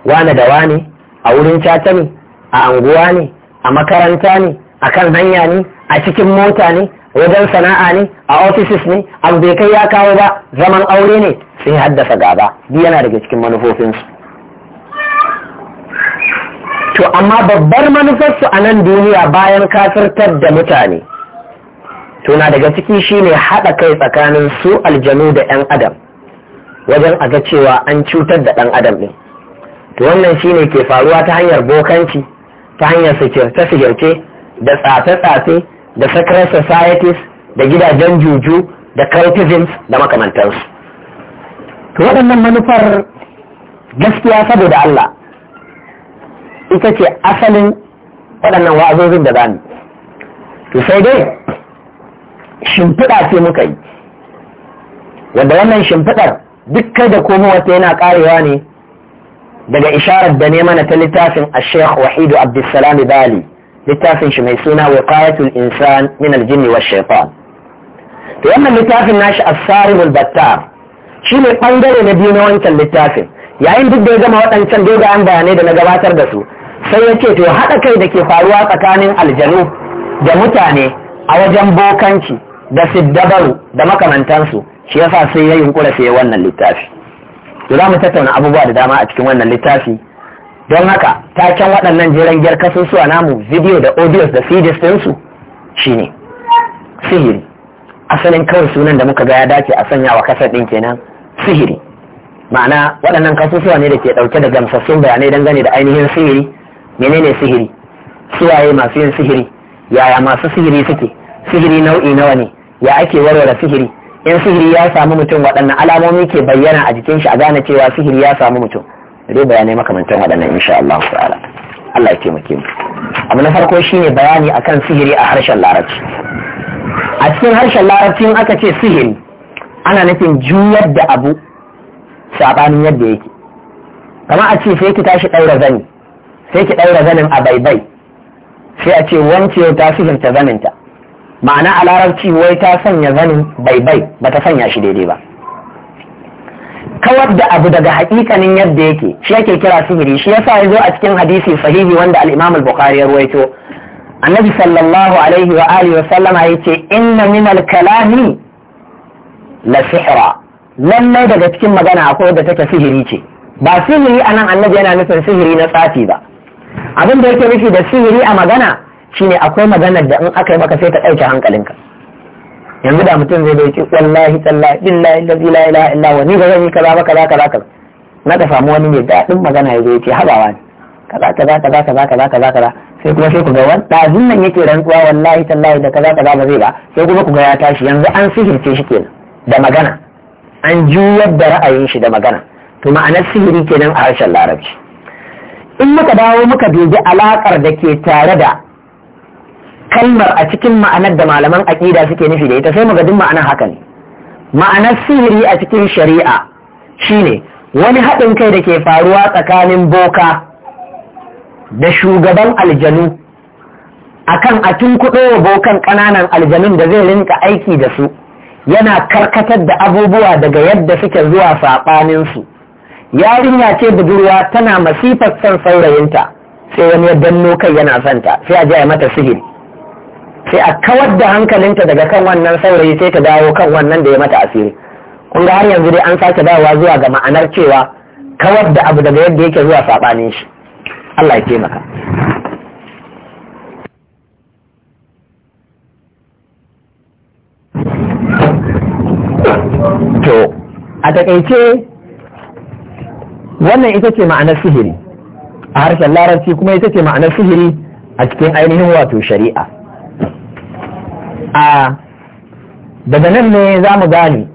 wane da wane a wurin cata ne a anguwa ne a makaranta ne a kan hanya ne a cikin mota ne wajen sana'a ne a offices ne abu bai kai ya kawo ba zaman aure ne sai haddasa gaba duk yana daga cikin manufofinsu to amma babbar manufarsu a nan duniya bayan kafirtar da mutane tuna daga ciki shine haɗa kai tsakanin su aljanu da 'yan adam wajen a ga cewa an cutar da ɗan adam ne. to wannan shine ke faruwa ta hanyar bokanci ta hanyar sikirce-sikirce da tsafe-tsafe da secret societies da gidajen juju da cultisms da makamantansu to waɗannan manufar gaskiya saboda Allah ita ce asalin waɗannan wa'azozin da zamu to sai dai shimfiɗa ce muka yi wanda wannan shimfiɗar duk kai da wata yana ƙarewa ne daga isharar da ne mana ta littafin a sheikh wahidu abdulsalami bali littafin shi mai suna wiqayatul insan min aljinni wa shaitan to wannan littafin nashi as-sarimul battar shine bangare na biyu na wancan littafin yayin duk da ya gama waɗancan dogayen bayanai da na gabatar da su sai ya ce to haɗa kai da ke faruwa tsakanin aljanu da mutane a wajen bokanci da siddabaru da makamantansu shi yasa sai ya yunkura sai wannan littafi to za mu tattauna abubuwa da dama a cikin wannan littafi don haka taken waɗannan jiran gyar kasusuwa namu video da audios da cds ɗinsu shine sihiri asalin kawai sunan da muka ga ya dace a sanya wa kasar ɗin kenan sihiri ma'ana waɗannan kasusuwa ne da ke ɗauke da gamsassun bayanai dangane da ainihin sihiri menene sihiri suwaye masu yin sihiri yaya masu sihiri suke sihiri nau'i nawa ne ya ake warware sihiri in sihiri ya samu mutum waɗannan alamomi ke bayyana a jikin shi a gane cewa sihiri ya samu mutum dai bayanai makamantan waɗannan insha Allah ta'ala Allah ya taimake mu abu na farko shine bayani akan sihiri a harshen larabci a cikin harshen larabci in aka ce sihiri ana nufin juyar da abu sabanin yadda yake kama a ce sai ki tashi ɗaura zani sai ki ɗaura zanin a baibai sai a ce wance ta sihirta zaninta ma'ana a larabci wai ta sanya zanin baibai bata sanya shi daidai ba kawar da abu daga hakikanin yadda yake shi yake kira sihiri shi yasa ya zo a cikin hadisi sahihi wanda al-Imam al-Bukhari ya ruwaito annabi sallallahu alaihi wa alihi wa sallama yace inna min al-kalami la sihra lallai daga cikin magana akwai da take sihiri ce ba sihiri anan annabi yana nufin sihiri na tsafi ba abin da yake nufi da sihiri a magana shine akwai maganar da in aka yi maka sai ta ɗauke hankalinka yanzu da mutum zai dauki wallahi tallahi billahi allazi la ilaha illa wa ni ba zan yi kaza ba kaza kaza kaza na da samu wani mai daɗin magana ya zo ya ce habawa ne kaza kaza kaza kaza kaza kaza kaza sai kuma sai ku ga wani ɗazun nan yake rantsuwa wallahi tallahi da kaza kaza ba zai ba sai kuma ku ga ya tashi yanzu an sihirce shi kenan da magana an juyar da ra'ayin shi da magana to ma'anar sihiri kenan a harshen larabci in muka dawo muka dubi alaƙar da ke tare da kalmar a cikin ma'anar da malaman aƙida suke nufi da ita sai mu ga duk ma'anar haka ne ma'anar sihiri a cikin shari'a shine wani haɗin kai da ke faruwa tsakanin boka da shugaban aljanu akan a kuɗo wa bokan ƙananan aljanun da zai rinka aiki da su yana karkatar da abubuwa daga yadda suke zuwa saɓaninsu yarinya ce budurwa tana masifar son saurayinta sai wani ya danno kai yana santa sai a ji mata sihiri sai a kawar da hankalinta daga kan wannan saurayi sai ta dawo kan wannan da ya mata asiri kun ga har yanzu dai an sake dawowa zuwa ga ma'anar cewa kawar da abu daga yadda yake zuwa saɓanin shi Allah ya taimaka to a takaice wannan ita ce ma'anar sihiri a harshen larabci kuma ita ce ma'anar sihiri a cikin ainihin wato shari'a a daga nan ne za mu gane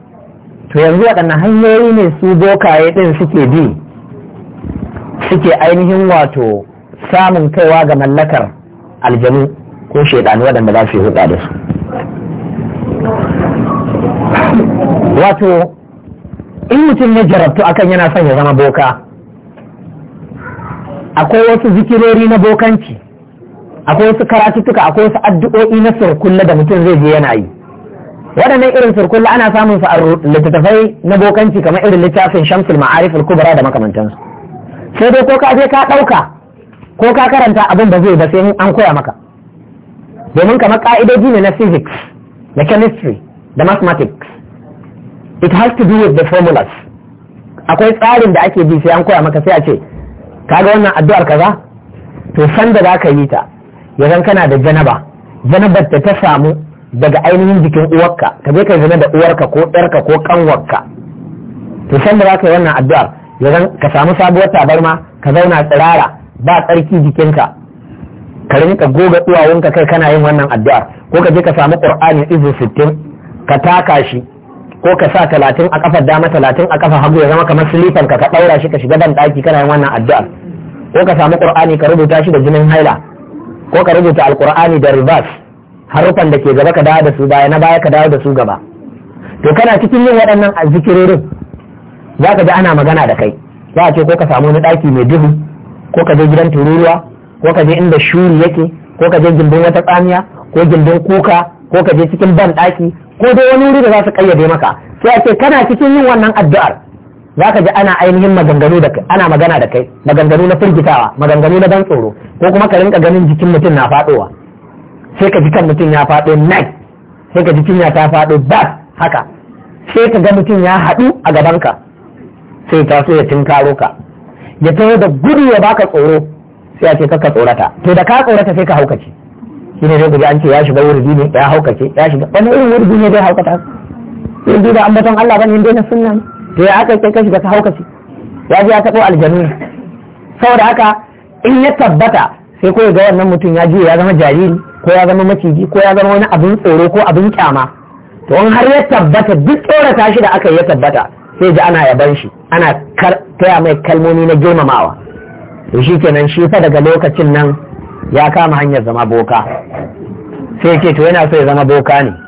to yanzu waɗanne hanyoyi ne su bokaye ɗin suke bi suke ainihin wato samun kaiwa ga mallakar aljanu ko shaidanu waɗanda za su yi hulɗa da su wato in mutum ya jarabtu akan yana son ya zama boka akwai wasu zikirori na bokanci akwai wasu karatuttuka akwai wasu addu'o'i na surkulla da mutum zai je yana yi waɗannan irin surkulla ana samun su a littattafai na bokanci kamar irin littafin shamsul ma'arifin kubra da makamantansu sai dai ko ka je ka ɗauka ko ka karanta abin da zai ba sai an koya maka domin kamar ka'idoji ne na physics da chemistry da mathematics it has to do with the formulas akwai tsarin da ake bi sai an koya maka sai a ce kaga wannan addu'ar kaza to san da za ka yi ta zan kana da janaba janabar da ta samu daga ainihin jikin uwarka ka je ka zama da uwarka ko ɗarka ko kanwarka to san da zaka yi wannan addu'ar zan ka samu sabuwar tabarma ka zauna tsirara ba tsarki jikinka ka rinka goga uwawunka kai kana yin wannan addu'ar ko ka je ka samu qur'ani izu sittin ka taka shi ko ka sa talatin a kafar dama talatin a kafa hagu ya zama kamar silifan ka ka ɗaura shi ka shiga ban ɗaki kana yin wannan addu'ar ko ka samu qur'ani ka rubuta shi da jinin haila ko ka rubuta alkur'ani da ribas harufan da ke gaba ka dawo da su baya na baya ka dawo da su gaba to kana cikin yin waɗannan zikirorin za ka ji ana magana da kai za a ce ko ka samu wani ɗaki mai duhu ko ka je gidan tururuwa ko ka je inda shuri yake ko ka je gindin wata tsamiya ko gindin kuka ko ka je cikin ban ɗaki ko dai wani wuri da za su kayyade maka sai a ce kana cikin yin wannan addu'ar za ka ji ana ainihin maganganu da kai ana magana da kai maganganu na firgitawa maganganu na ban tsoro ko kuma ka rinka ganin jikin mutum na faɗowa sai ka ji kan mutum ya faɗo nai sai ka ji ya ta faɗo bas haka sai ka ga mutum ya haɗu a gabanka sai ta so ya tinkaro ka ya yi da gudu ya baka tsoro sai a ce ka tsorata to da ka tsorata sai ka haukace shi ne dai an ce ya shiga wurdi ne ya haukace ya shiga wani irin wurdi ne dai haukata wurdi da ambaton Allah bane dai na sunna ne to ya aka yi kashi ba ka hauka shi ya ji ya taɓo aljanu saboda haka in ya tabbata sai ko ga wannan mutum ya ji ya zama jariri ko ya zama maciji ko ya zama wani abin tsoro ko abin kyama to in har ya tabbata duk tsorata shi da aka yi ya tabbata sai ji ana yaban shi ana taya mai kalmomi na girmamawa to shi kenan shi fa daga lokacin nan ya kama hanyar zama boka sai ce to yana so ya zama boka ne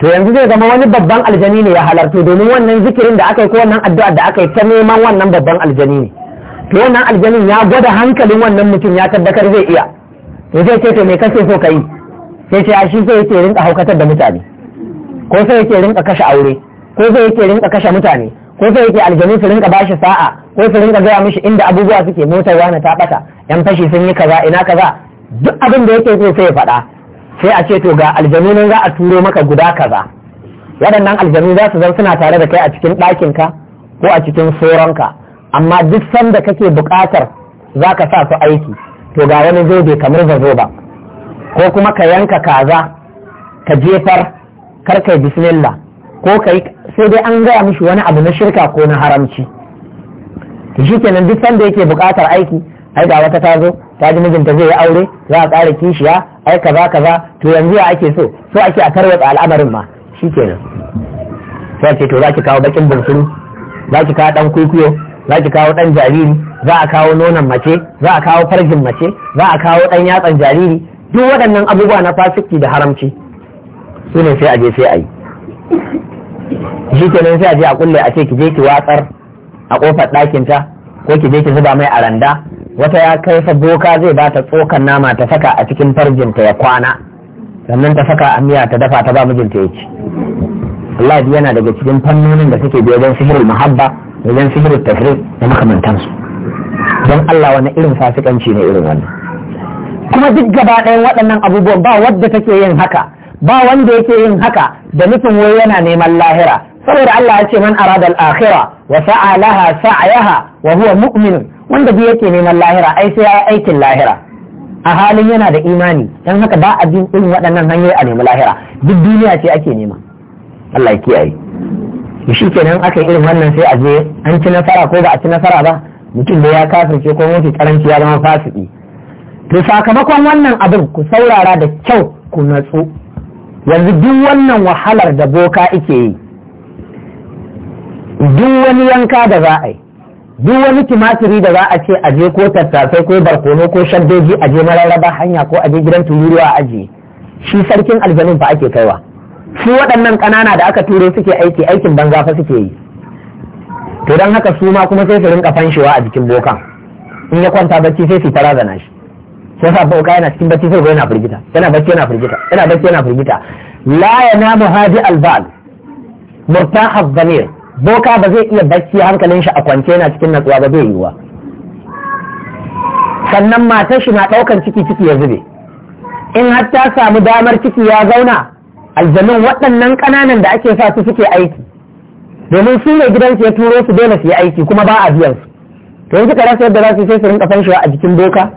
to yanzu zai zama wani babban aljani ne ya halarta domin wannan zikirin da aka yi ko wannan addu'a da aka yi ta neman wannan babban aljani ne to wannan aljanin ya gwada hankalin wannan mutum ya tabbatar zai iya to zai ce to me kace so ka sai ce shi sai yake rinka haukatar da mutane ko sai yake rinka kashe aure ko sai yake rinka kashe mutane ko sai yake aljanu su rinka bashi sa'a ko su rinka gaya mishi inda abubuwa suke motar wani ta bata yan fashi sun yi kaza ina kaza duk abin da yake so sai ya faɗa sai a ce to ga aljanunan za a turo maka guda kaza waɗannan aljanu za su zan suna tare da kai a cikin ɗakinka ko a cikin soronka amma duk sanda kake buƙatar za ka sa su aiki to ga wani zobe kamar zazo ba ko kuma ka yanka kaza ka jefar kar yi bismillah ko ka yi. sai dai an gaya mishi wani abu na shirka ko na haramci shi kenan duk sanda yake buƙatar aiki ai ga wata ta zo ta ji mijinta zai yi aure za a ƙara kishiya ai kaza kaza to yanzu ya ake so so ake a tarwatsa al'amarin ma shikenan sai ce to za ki kawo bakin bunsuru za ki kawo dan kuikuyo za ki kawo dan jariri za a kawo nonon mace za a kawo farjin mace za a kawo dan yatsan jariri duk waɗannan abubuwa na fasiki da haramci su ne sai a je sai a yi shi sai a je a kulle a ce ki je ki watsar a kofar ɗakinta ko ki je ki zuba mai a randa wata ya kai fa boka zai ba ta tsokan nama ta saka a cikin farjinta ya kwana sannan ta saka a miya ta dafa ta ba mijinta ya ci Allah yana daga cikin fannonin da suke biyo don sihirul muhabba da don sihirul tafri da makamantansu don Allah wani irin fasikanci ne irin wannan kuma duk gaba ɗayan waɗannan abubuwan ba wadda take yin haka ba wanda yake yin haka da nufin wai yana neman lahira saboda Allah ya ce man arada al-akhirah wa sa'a laha sa'yaha wa huwa mu'min wanda bi yake neman lahira ai sai ya aikin lahira a halin yana da imani dan haka ba a bin irin waɗannan hanyoyi a nemi lahira duk duniya ce ake nema Allah ya kiyaye shi kenan aka irin wannan sai a je an ci nasara ko ba a ci nasara ba mutum da ya kafirce ko mafi karanci ya zama fasiki to sakamakon wannan abin ku saurara da kyau ku natsu yanzu duk wannan wahalar da boka ike yi duk wani yanka da za a yi duk wani timatiri da za a ce a je ko tattasai ko barkono ko shaddoji a je mararraba hanya ko a je gidan tururuwa a ajiye shi sarkin aljanin fa ake kaiwa su waɗannan ƙanana da aka turo suke aiki aikin banza fa suke yi to don haka su ma kuma sai su rinka fanshewa a jikin bokan in ya kwanta bacci sai su tara zana shi sai sa bauka yana cikin bacci sai yana firgita yana bacci yana firgita yana bacci yana firgita la yanamu hadi albal murtaha dhamir boka ba zai iya bacci hankalin shi a kwance yana cikin natsuwa ba zai yiwuwa sannan matar shi na ɗaukan ciki ciki ya zube in har ta samu damar ciki ya zauna aljanun waɗannan ƙananan da ake sa su suke aiki domin su ne gidansu ya turo su dole su yi aiki kuma ba a biyan su to yanzu ka rasa yadda za su sai su rinka fanshewa a jikin boka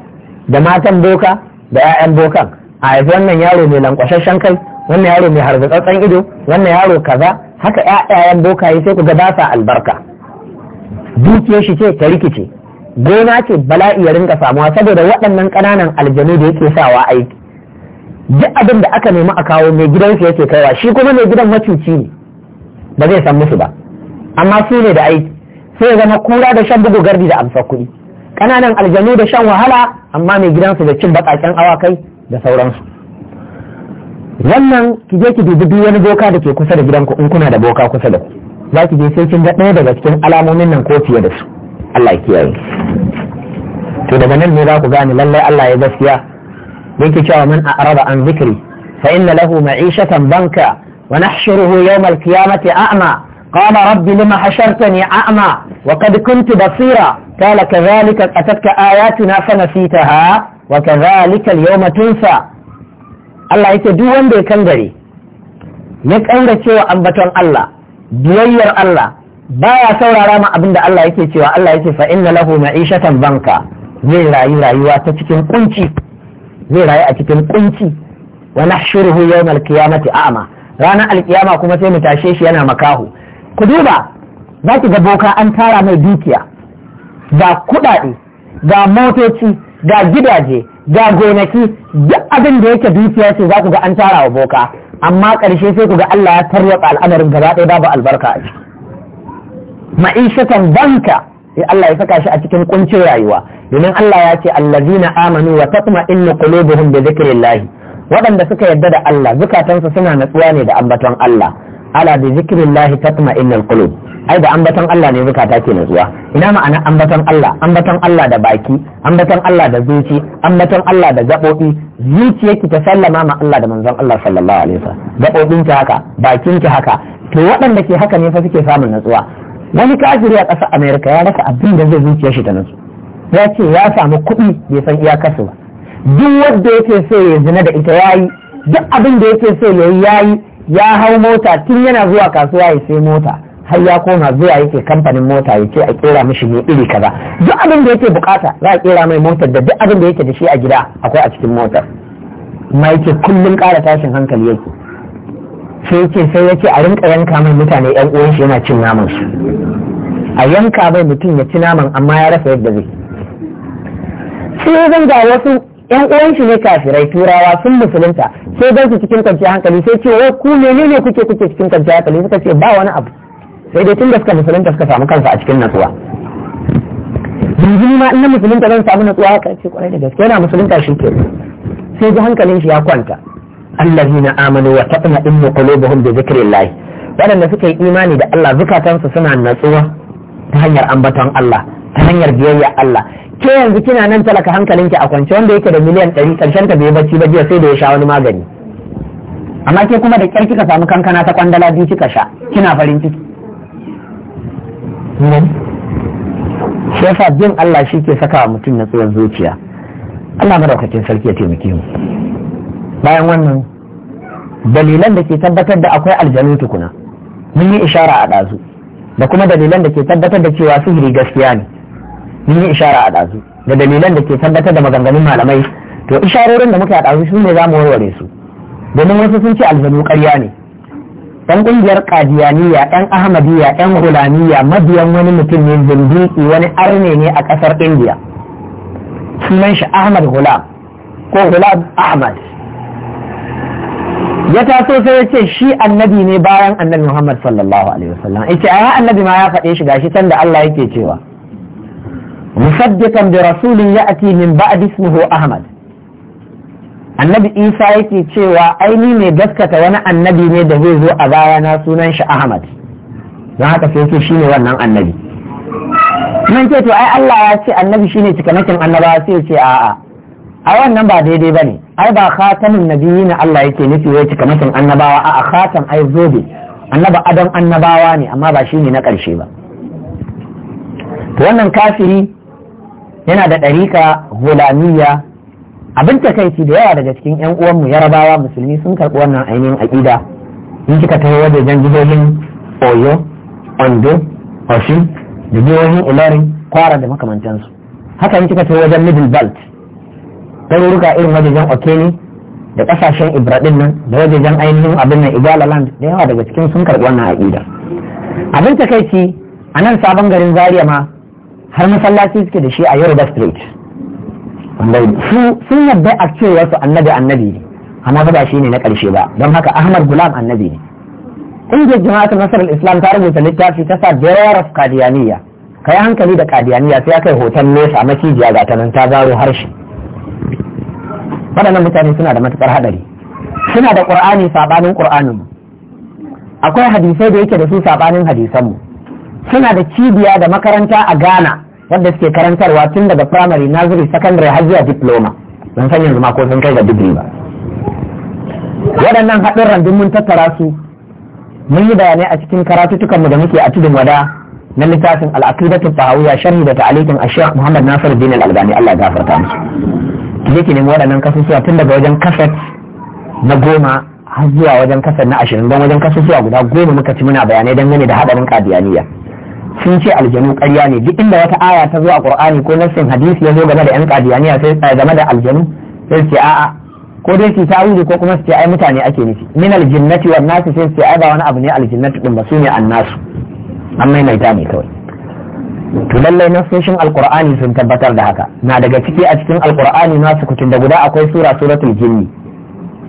da matan boka da 'ya'yan bokan a haifi wannan yaro mai lankwashashen kai wannan yaro mai harzatsatsen ido wannan yaro kaza haka ƴaƴayen bokaye sai ku ga ba albarka dukiyar shi ce ta rikice gona ce bala'i ya ringa samuwa saboda waɗannan ƙananan aljanu da yake sawa aiki duk abin da aka nemi a kawo mai gidansu yake kaiwa shi kuma mai gidan macuci ne ba zai san musu ba amma su ne da aiki sai zama kura da shan bugu gardi da amsa kuɗi ƙananan aljanu da shan wahala amma mai gidansu da cin baƙaƙen awakai da sauransu wannan ki je ki dubi wani boka da ke kusa da gidanku in kuna da boka kusa da ku za ki je sai kin ga ɗaya daga cikin alamomin nan ko fiye da su Allah ya kiyaye to daga nan ne za ku gane lalle Allah ya gaskiya dan ki cewa man a'rada an zikri fa inna lahu ma'ishatan banka wa nahshuruhu yawm al-qiyamati a'ma قال رب لما حشرتني أعمى وقد كنت بصيرا قال كذلك أتتك آياتنا فنسيتها وكذلك اليوم تنسى Allah yake duk wanda ya kangare ya kanga cewa ambaton Allah biyayyar Allah baya saurara ma abinda Allah yake cewa Allah yake fa inna lahu ma'ishatan banka zai rayu rayuwa ta cikin kunci zai rayu a cikin kunci wa nahshuruhu yawmal qiyamati a'ma ranar alkiyama kuma sai mu tashe shi yana makahu ku duba za ga boka an tara mai dukiya ga kuɗaɗe ga motoci ga gidaje ga gonaki duk abin da yake dukiya ce za ku ga an tara wa boka amma ƙarshe sai ku ga Allah ya tarwata al'amarin gaba ɗaya babu albarka a ciki ma'ishatan banka sai Allah ya saka shi a cikin kuncin rayuwa domin Allah ya ce allazina amanu wa tatma'innu qulubuhum bi dhikrillah waɗanda suka yarda da Allah zukatansu suna natsuwa ne da ambaton Allah ala bi dhikrillah tatma'innul qulub ai da ambaton Allah ne zukata ke natsuwa. ina ma'ana ambaton Allah ambaton Allah da baki ambaton Allah da zuci ambaton Allah da gabobi zuciyarki ta sallama ma Allah da manzon Allah sallallahu alaihi wasallam Zaɓoɓin ki haka bakin ki haka to waɗanda ke haka ne fa suke samun natsuwa? wani kafiri a ƙasar Amerika ya rasa abin da zai zuciya shi ta natsu. ya ce ya samu kuɗi bai san iyakarsu ba duk wanda yake so ya zina da ita yayi duk abin da yake so ya yi yayi ya hau mota tun yana zuwa kasuwa ya sai mota har ya koma zuwa yake kamfanin mota ya ce a kera mishi ne iri kaza duk abin da yake bukata za a kera mai motar da duk abin da yake da shi a gida akwai a cikin motar ma yake kullum kara tashin hankali yake sai yake sai yake a rinka yanka mai mutane yan uwan shi yana cin naman su a yanka mai mutum ya ci naman amma ya rasa yadda zai sai zan ga wasu yan uwan shi ne kafirai turawa sun musulunta sai dan su cikin kwanciyar hankali sai ce wai ku menene kuke kuke cikin kwanciyar hankali suka ce ba wani abu sai dai tun da suka musulunta suka samu kansa a cikin natsuwa yanzu ma in na musulunta zan samu natsuwa ka ce kwarai da gaske yana musulunta shi ke sai ji hankalin shi ya kwanta allazina amanu wa taqna innu qulubuhum bi layi. waɗanda suka yi imani da Allah zukatansu suna natsuwa ta hanyar ambaton Allah ta hanyar biyayya Allah ke yanzu kina nan talaka hankalin ki a kwance wanda yake da miliyan ɗari karshen ta bai bacci ba jiya sai da ya sha wani magani amma ke kuma da kyar kika samu kankana ta kwandala biyu kika sha kina farin ciki Hmm. shi yasa jin Allah shi ke saka mutum na tsayar zuciya Allah madaukakin sarki ya taimake mu bayan wannan dalilan da ke tabbatar da akwai aljanu tukuna mun yi ishara a ɗazu da kuma dalilan da ke tabbatar da cewa sihiri gaskiya ne mun yi ishara a ɗazu da dalilan da ke tabbatar da maganganun malamai to isharorin da muka ɗazu su ne za mu warware su domin wasu sun ce aljanu ƙarya ne ɗan ƙungiyar kadiyaniya ɗan ahmadiyya ɗan hulaniya mabiyan wani mutum ne zindiki wani arne ne a ƙasar indiya sunan shi ahmad gulam ko gulam ahmad ya taso sai ya ce shi annabi ne bayan annabi muhammad sallallahu alaihi wasallam ya ce a annabi ma ya faɗe shi gashi can da allah yake cewa musaddiqan bi rasulin ya'ti min ba'di ismihi ahmad annabi isa yake cewa aini mai gaskata wani annabi ne da zai zo a baya na sunan shi ahmad don haka sai ce shine wannan annabi nan ce to ai allah ya ce annabi shine cikamakin annabawa sai ce a'a a wannan ba daidai bane ai ba khatamin nabiyyi na allah yake nufi wai cikamakin annabawa a'a khatam ai zobe annaba adam annabawa ne amma ba shine na karshe ba to wannan kafiri yana da ɗarika hulamiyya abin takaici da yawa daga cikin yan uwanmu yarabawa musulmi sun karɓi wannan ainihin aƙida in kika taho wajen jihohin oyo ondo oshin da jihohin ilorin kwara da makamantansu haka in kika taho wajen middle belt ɗaruruka irin wajajen okeni da ƙasashen ibradin nan da wajajen ainihin abin nan igala land da yawa daga cikin sun karɓi wannan aƙida abin takaici a nan sabon garin zaria ma har masallaci suke da shi a yoruba street sun yadda a cewa su annabi annabi ne amma ba shi ne na ƙarshe ba don haka ahmad gulam annabi ne ƙungiyar jama'atul nasarar islam ta rubuta littafi ta sa of kadiyaniya kai hankali da kadiyaniya sai kai hoton nesa macijiya ga ta nan ta zaro harshe waɗannan mutane suna da matuƙar haɗari suna da ƙur'ani saɓanin ƙur'anin akwai hadisai da yake da su saɓanin mu suna da cibiya da makaranta a ghana wanda suke karantarwa tun daga primary nursery secondary har zuwa diploma ban san yanzu ma ko sun kai ga degree ba waɗannan haɗurran duk mun tattara su mun yi bayanai a cikin karatutukanmu da muke a tudun wada na littafin al'aqidatu tahawiyya sharhi da ta'alikin ash-shaykh Muhammad Nasir Din al-Albani Allah ya gafarta musu kike ki waɗannan kasusuwa tun daga wajen kaset na goma har zuwa wajen kasat na ashirin don wajen kasusuwa guda goma muka ci muna bayanai dangane da haɗarin kadiyaniya sun ce aljanu ƙarya ne duk inda wata aya ta zo a qur'ani ko nassin hadisi ya zo game da yan qadiyaniya sai game da aljanu sai ce a'a ko dai su tawili ko kuma su ce ai mutane ake nufi min aljinnati wan nas sai su ce ai ba wani abu ne aljinnati din ba su ne annasu amma mai ta ne kawai to lallai nassoshin alqur'ani sun tabbatar da haka na daga ciki a cikin alqur'ani nasu kucin da guda akwai sura suratul jinni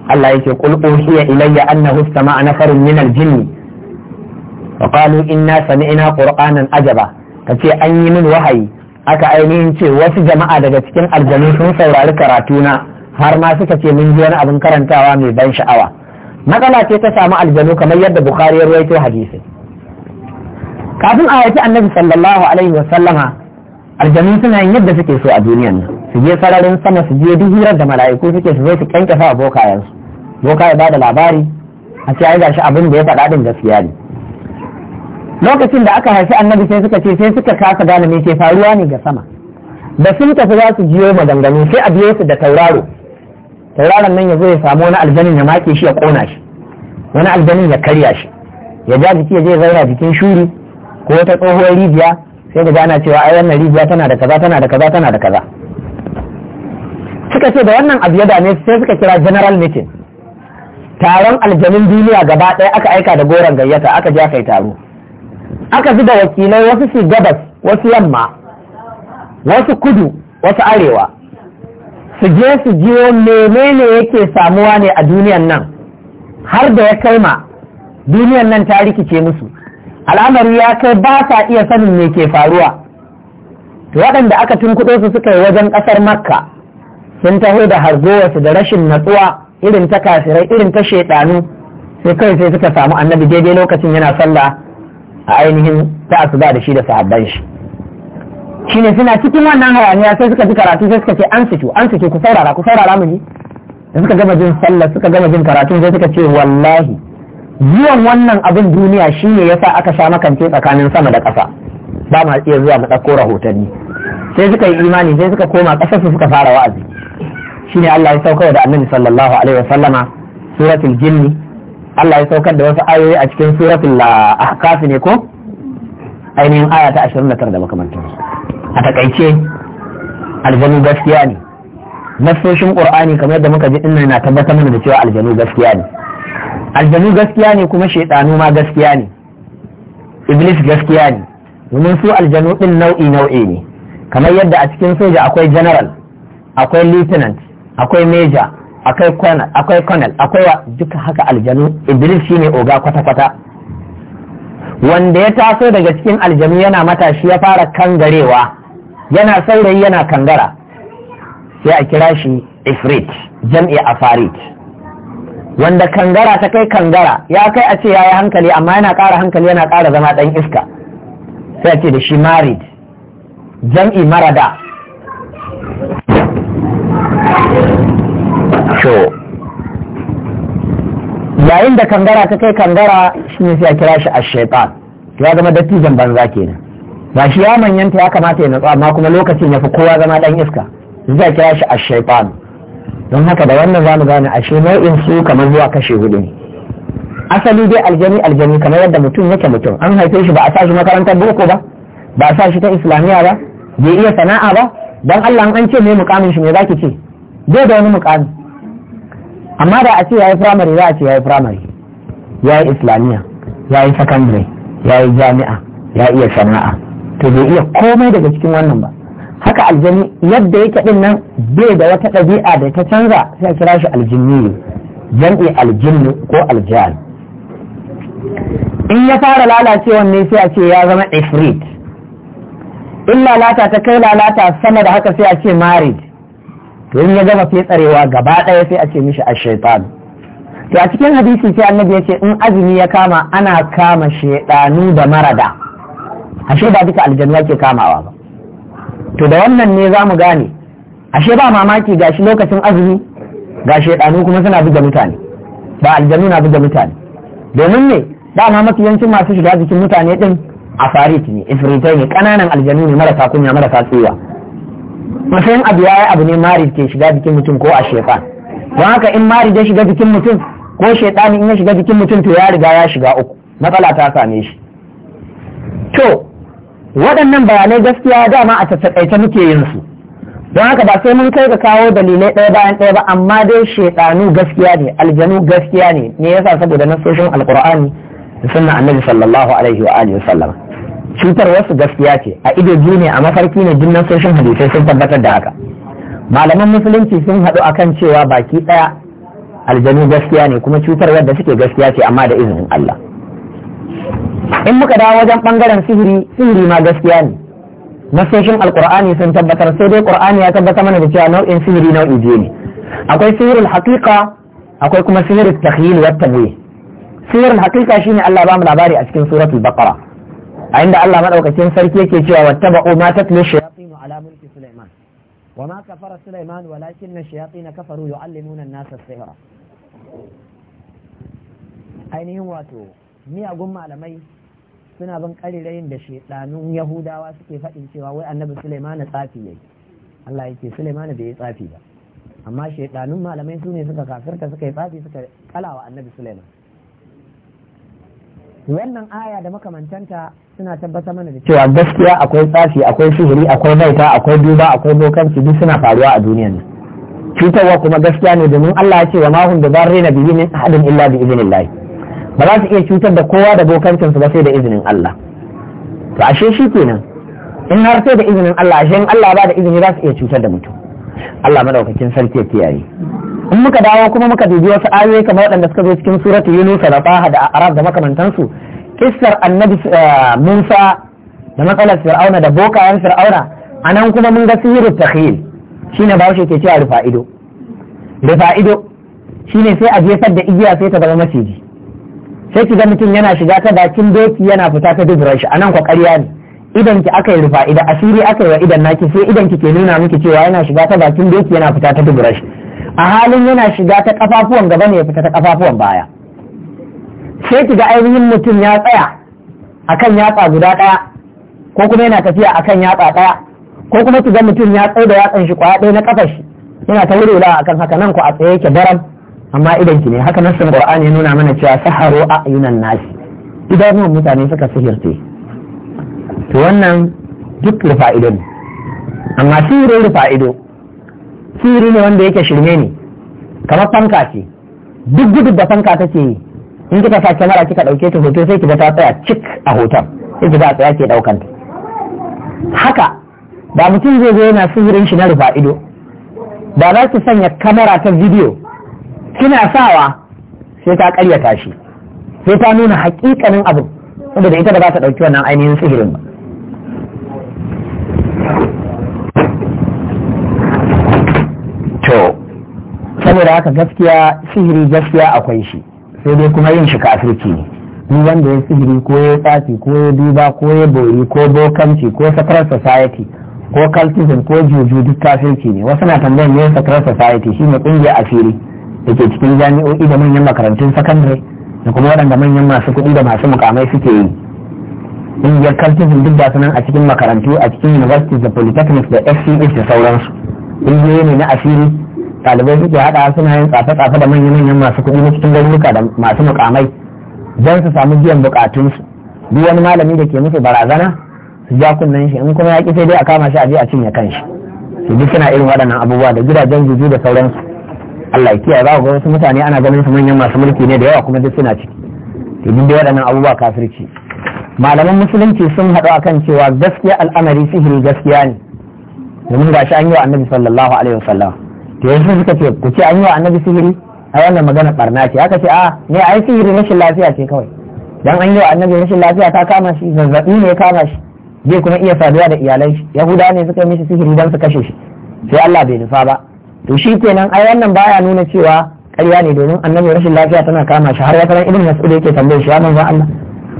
Allah yake qul uhiya ilayya annahu istama'a nafarin min aljinni wa qalu inna sami'na qur'anan ajaba kace an yi min wahayi aka ainihin ce wasu jama'a daga cikin aljanu sun saurari karatu na har ma suka ce mun ji wani abin karantawa mai ban sha'awa matsala ce ta samu aljanu kamar yadda bukhari ya ruwaito hadisi kafin a yaki annabi sallallahu alaihi wa sallama aljanu suna yin yadda suke so a duniyan nan su je sararin sama su je duk hirar da mala'iku suke su zo su kankafa a bokayensu boka ya bada labari a ce ai gashi abin da ya faɗa din gaskiya ne lokacin da aka haifi annabi sai suka ce sai suka kasa gane me ke faruwa ne ga sama da sun tafi za su jiyo maganganu sai a biyo su da tauraro tauraron nan ya zo ya samu wani aljanin ya make shi ya kona shi wani aljanin ya karya shi ya ja jiki ya je zauna jikin shuri ko wata tsohuwar rijiya sai da gana cewa ai wannan rijiya tana da kaza tana da kaza tana da kaza suka ce da wannan abu ya dame sai suka kira general meeting taron aljanin duniya gaba ɗaya aka aika da goron gayyata aka ja kai yi taro aka da wakilai wasu su gabas wasu yamma wasu kudu wasu arewa su je su jiyo menene yake samuwa ne a duniyan nan har da ya kai ma duniyan nan ta rikice musu al'amari ya kai ba sa iya sanin me ke faruwa waɗanda aka tunkuɗo su suka yi wajen ƙasar makka sun taho da hargowarsu da rashin natsuwa irin ta kafirai irin ta shaiɗanu sai kai sai suka samu annabi daidai lokacin yana sallah a ainihin ta ba da shi da sahabban shi Shi ne suna cikin wannan hayaniya sai suka ji karatu sai suka ce an situ an situ ku saurara ku saurara mu ji da suka gama jin sallah suka gama jin karatu sai suka ce wallahi zuwan wannan abin duniya shi ne ya sa aka sha makance tsakanin sama da ƙasa ba ma iya zuwa mu ɗauko rahotanni sai suka yi imani sai suka koma ƙasar su suka fara wa'azi Shi ne Allah ya sauka da Annabi sallallahu alaihi wa sallama suratul jinni Allah ya saukar da wasu ayoyi a cikin suratul ahqaf ne ko ainihin aya ta 29 da makamantar a takaice aljanu gaskiya ne nassoshin qur'ani kamar yadda muka ji din na tabbatar mana da cewa aljanu gaskiya ne aljanu gaskiya ne kuma shaidanu ma gaskiya ne iblis gaskiya ne domin su aljanu din nau'i nau'i ne kamar yadda a cikin soja akwai general akwai lieutenant akwai major akwai kwana akwai kwanal akwai wa duka haka aljanu iblis ne oga kwata kwata wanda ya taso daga cikin aljanu yana matashi ya fara kangarewa yana saurayi yana kangara sai a kira shi ifrit jam'i afarit wanda kangara ta kai kangara ya kai a ce ya yi hankali amma yana ƙara hankali yana ƙara zama ɗan iska sai a ce da shi marid jam'i marada kyau yayin da kangara ka kai kangara shi ne sai a kira shi a shaitan ya zama dattijan banza kenan ba shi ya manyanta ya kamata ya natsu amma kuma lokacin ya fi kowa zama dan iska zai kira shi a don haka da wannan zamu gane ashe nau'in su kamar zuwa kashe hudu ne asali dai aljani aljani kamar yadda mutum yake mutum an haife shi ba a sa shi makarantar boko ba ba a sa shi ta islamiyya ba bai iya sana'a ba don allah an ce mai mukamin shi me zaki ce bai da wani mukami amma da a ce ya yi firamare za a ce ya yi firamare ya yi islamiyya ya yi sakandare ya yi jami'a ya iya sana'a to bai iya komai daga cikin wannan ba haka aljani yadda yake din nan bai da wata ɗabi'a da ta canza sai a kira shi aljinni jam'i aljinnu ko aljihal in ya fara lalacewan ne sai a ce ya zama ifrit in lalata ta kai lalata sama da haka sai a ce marid to in ya gama fetsarewa gaba ɗaya sai a ce mishi a shaitan to a cikin hadisi sai annabi ya ce in azumi ya kama ana kama shaidanu da marada ashe ba duka aljanu ke kamawa ba to da wannan ne za mu gane ashe ba mamaki gashi lokacin azumi ga shaidanu kuma suna buga mutane ba aljanu na buga mutane domin ne dama mafi yancin masu shiga jikin mutane din farit ne ifritai ne kananan aljanu ne marasa kunya marasa tsiwa masayin abu ya yi abu ne marid ke shiga jikin mutum ko a shefa don haka in marid ya shiga jikin mutum ko shaitani in ya shiga jikin mutum to ya riga ya shiga uku matsala ta same shi to waɗannan bayanai gaskiya dama a tattakaice muke yin su don haka ba sai mun kai ga kawo dalilai ɗaya bayan ɗaya ba amma dai shaitanu gaskiya ne aljanu gaskiya ne me yasa saboda nasoshin alqur'ani da sunna annabi sallallahu alaihi wa alihi cutar wasu gaskiya ce a ido biyu ne a mafarki ne duk nasoshin hadisai sun tabbatar da haka malaman musulunci sun haɗu akan cewa baki ɗaya aljanu gaskiya ne kuma cutar wadda suke gaskiya ce amma da izinin Allah in muka dawo wajen bangaren sihiri sihiri ma gaskiya ne nasoshin alkur'ani sun tabbatar sai dai qur'ani ya tabbatar mana da cewa nau'in sihiri nau'i biyu ne akwai sihirul haqiqa akwai kuma sihirul takhyil wa tamwih sihirul haqiqa shine Allah ba mu labari a cikin suratul baqara a inda Allah madaukakin sarki yake cewa wattaba'u ma tatlu shayatin ala mulki Sulaiman wa ma kafara Sulaiman walakin ash-shayatin kafaru yu'allimuna an-nasa as-sihra ainihin wato miyagun malamai suna bin karirayin da shedanun Yahudawa suke faɗin cewa wai annabi Sulaiman tsafi yayi Allah yake Sulaiman bai yi tsafi ba amma shedanun malamai su ne suka kafirta suka yi tsafi suka kalawa annabi Sulaiman wannan aya da makamantanta suna tabbatar mana da cewa gaskiya akwai tsafi akwai sihiri akwai maita akwai duba akwai bokanci duk suna faruwa a duniya ne. cutarwa kuma gaskiya ne domin Allah ya ce wa mahun da zarre na biyu min ahadin illa bi idinillahi ba za su iya cutar da kowa da bokancin su ba sai da izinin Allah to ashe shi kenan in har sai da izinin Allah ashe in Allah ba da izini za su iya cutar da mutum Allah madaukakin sarki ya kiyaye in muka dawo kuma muka dubi wasu ayoyi kamar waɗanda suka zo cikin suratu Yunus da Taha da Arab da makamantansu kissar annabi eh, Musa da matsalar Fir'auna da bokayen Fir'auna a nan kuma mun ga sihirin takhil ne Bahaushe ke cewa rufa ido rufa ido ne sai a jefar da igiya sai ta zama maciji sai ki ga mutum yana shiga ta bakin doki yana fita ta duburar shi anan kwa ƙarya ne idan ki aka yi rufa asiri aka yi wa idan naki sai idan ki ke nuna miki cewa yana shiga ta bakin doki yana fita ta duburar shi a halin yana shiga ta kafafuwan gaba ne ya fita ta kafafuwan baya sai ki ga ainihin mutum ya tsaya akan yatsa guda ɗaya ko kuma yana tafiya a kan yatsa ɗaya ko kuma ki ga mutum ya tsaye da yatsan shi kwaya ɗaya na ƙafa shi yana ta a kan haka nan ku a tsaye yake daram amma idan ki ne haka sun ƙwa'ani nuna mana cewa saharo a ayunan nasi idanun mutane suka sihirce to wannan duk rufa ido ne amma sihirin rufa ido sihiri ne wanda yake shirme ne kamar fanka ce duk gudu da fanka take yi in kika sa kyamara kika ɗauke ta hoto sai kiga ta tsaya cik a hoton sai kiga tsaya ke ɗaukan ta haka ba mutum zai zo yana sihirin shi na rufa ido ba za ki sanya kamera ta bidiyo kina sawa sai ta karya shi sai ta nuna hakikanin abu saboda ita da za ta ɗauki wannan ainihin sihirin ba to saboda haka gaskiya sihiri gaskiya akwai shi sai dai kuma yin shi kafirci ne ni wanda ya sihiri ko ya tsafi ko ya duba ko ya bori ko bokanci ko sakarar society ko cultism ko juju duk kafirci ne wasu na tambayar ne sakarar society ne kungiyar asiri da ke cikin jami'o'i da manyan makarantun sakandare da kuma waɗanda manyan masu kuɗi da masu mukamai suke yi kungiyar cultism duk da sunan a cikin makarantu a cikin universities da polytechnics da fcs da sauransu ƙungiyoyi ne na asiri ɗalibai suke haɗa suna yin tsafe-tsafe da manya-manyan masu kuɗi na cikin garuruka da masu mukamai don su samu biyan buƙatunsu. duk wani malami da ke musu barazana su ja kunnen shi in kuma ya ƙi sai dai a kama shi a je a cinye kanshi su duk suna irin waɗannan abubuwa da gidajen juju da sauransu Allah ya za ku ga wasu mutane ana ganin su manyan masu mulki ne da yawa kuma duk suna ciki to duk da waɗannan abubuwa kafirci malaman musulunci sun haɗu akan cewa gaskiya al'amari sihiri gaskiya ne domin gashi an yi wa annabi sallallahu alaihi wasallam to yanzu suka ce ku ce an yi wa annabi sihiri a wannan magana barna ce aka ce a ne ai sihiri rashin lafiya ce kawai dan an yi wa annabi rashin lafiya ta kama shi zazzabi ne ya kama shi zai kuma iya saduwa da iyalai shi yahuda ne suka yi mishi sihiri dan su kashe shi sai Allah bai nufa ba to shi kenan ai wannan baya nuna cewa ƙarya ne domin annabi rashin lafiya tana kama shi har wata ran ibn mas'ud yake tambaye shi ya manzon Allah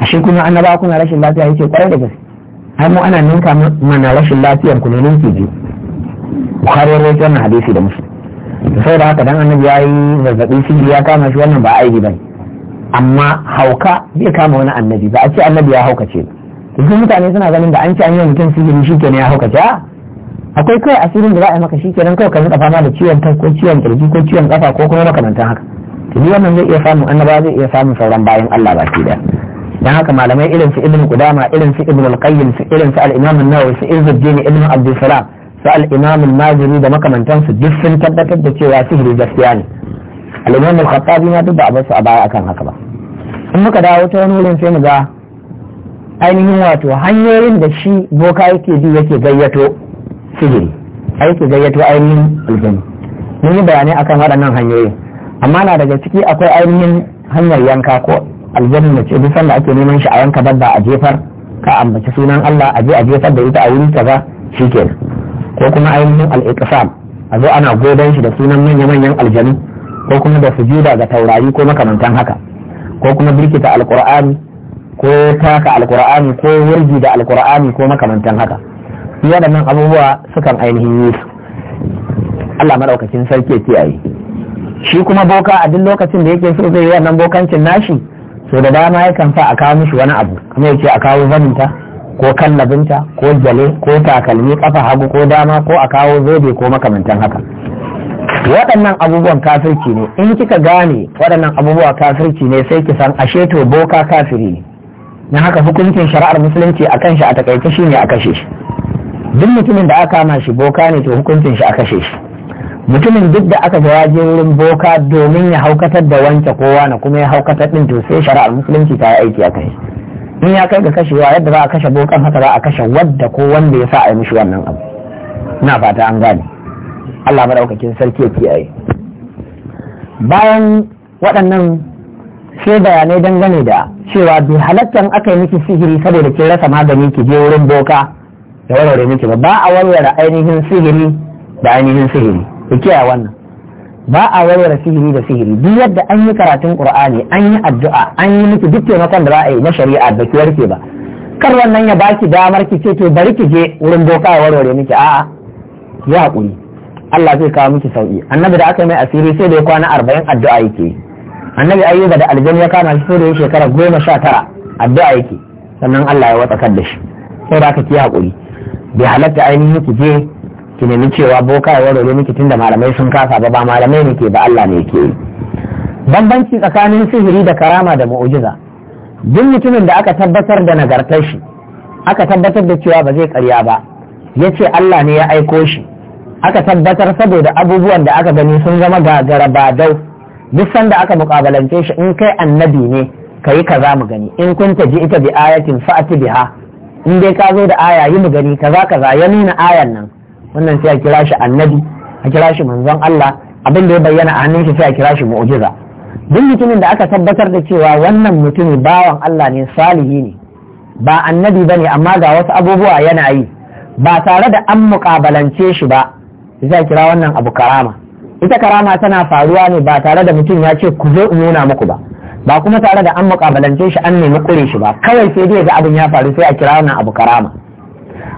ashe kuma annaba kuna rashin lafiya yake kwarai da gaske har mu ana ninka mana rashin lafiyar ku ne ninki biyu Bukhari ya rawaito wannan hadisi da Muslim saboda haka dan annabi ya yi zazzabi shi ya kama shi wannan ba aibi bane amma hauka bai kama wani annabi ba a ce annabi ya haukace to mutane suna ganin da an ce an yi mutum sihiri shi kenan ya haukace akwai kawai asirin da za a yi maka shi kenan kawai ka rika fama da ciwon kai ko ciwon kirji ko ciwon kafa ko kuma makamantan haka to duk wannan zai iya samun annaba zai iya samun sauran bayan Allah baki da dan haka malamai irin su ibnu qudama irin su ibnu al-qayyim su irin su al-imam an-nawawi su irin su ibnu abdul salam su al'imamin al-maziri da makamantansu duk sun tabbatar da cewa sihiri gaskiya ne al-imam al-khattabi ma duk ba a basu a baya akan haka ba in muka dawo ta wani wurin sai mu ga ainihin wato hanyoyin da shi boka yake bi yake gayyato sihiri yake gayyato ainihin aljanu mun yi bayanai akan waɗannan hanyoyi amma na daga ciki akwai ainihin hanyar yanka ko aljanu na ce duk sanda ake neman shi a yanka babba a jefar ka ambaci sunan Allah a je a jefar da ita a wuri kaza shikenan ko kuma ainihin al a zo ana godon shi da sunan manya-manyan aljanu ko kuma da sujuda ga taurari ko makamantan haka ko kuma birkita alkur'ani ko taka alkur'ani ko wurgi da alkur'ani ko makamantan haka nan abubuwa sukan ainihin yi su Allah madaukakin sarki ke kiyaye shi kuma boka a duk lokacin da yake so zai yi wannan bokancin nashi so da dama yakan sa a kawo mishi wani abu kuma yake a kawo zaninta ko kallabinta ko jale ko takalmi kafa hagu ko dama ko a kawo zobe ko makamantan haka waɗannan abubuwan kafirci ne in kika gane waɗannan abubuwa kafirci ne sai ki san ashe to boka kafiri ne na haka hukuncin shari'ar musulunci a kan shi a takaice shi ne a kashe shi duk mutumin da aka kama shi boka ne to hukuncin shi a kashe shi mutumin duk da aka jawaje wurin boka domin ya haukatar da wanke kowa na kuma ya haukatar din to sai shari'ar musulunci ta yi aiki a kai. shi in ya kai ga kashewa yadda za a kashe bokan haka za a kashe wadda ko wanda ya sa a yi mishi wannan abu na fata an gane Allah madaukakin sarki ya kiyaye bayan waɗannan sai bayanai dangane da cewa bi halattan aka yi miki sihiri saboda kin rasa magani ki je wurin boka ya warware miki ba ba a warware ainihin sihiri da ainihin sihiri ki kiyaye wannan ba a wayar sihiri da sihiri duk yadda an yi karatun qur'ani an yi addu'a an yi miki duk taimakon da za a yi na shari'a da ki warke ba kar wannan ya baki damar ki ce to bari ki je wurin boka ya warware miki a'a ya hakuri Allah zai kawo miki sauki annabi da aka mai asiri sai da ya kwana arba'in addu'a yake annabi ayyuba da aljanna ya kama shi sai da shekara goma sha tara addu'a yake sannan Allah ya watsakar da shi sai da aka ki hakuri bai halatta ainihin ki je ki nemi cewa boka ya rore miki tunda malamai sun kasa ba ba malamai ne ke ba Allah ne ke bambanci tsakanin sihiri da karama da mu'ujiza duk mutumin da aka tabbatar da nagartar shi aka tabbatar da cewa ba zai karya ba ya ce Allah ne ya aiko shi aka tabbatar saboda abubuwan da aka gani sun zama gagara ba dau duk sanda aka mukabalance shi in kai annabi ne ka yi kaza mu gani in kun ji ita bi ayatin fa'ati biha in dai ka zo da aya yi mu gani kaza kaza ya nuna ayan nan wannan sai a kira shi annabi a kira shi manzon Allah abin da ya bayyana a hannun shi sai a kira shi mu'jiza duk mutumin da aka tabbatar da cewa wannan mutumi bawan Allah ne salihi ne ba annabi bane amma ga wasu abubuwa yana yi ba tare da an muƙabalance shi ba sai a kira wannan abu karama ita karama tana faruwa ne ba tare da mutum ya ce ku zo in nuna muku ba ba kuma tare da an muƙabalance shi an nemi kure shi ba kawai sai dai ga abin ya faru sai a kira wannan abu karama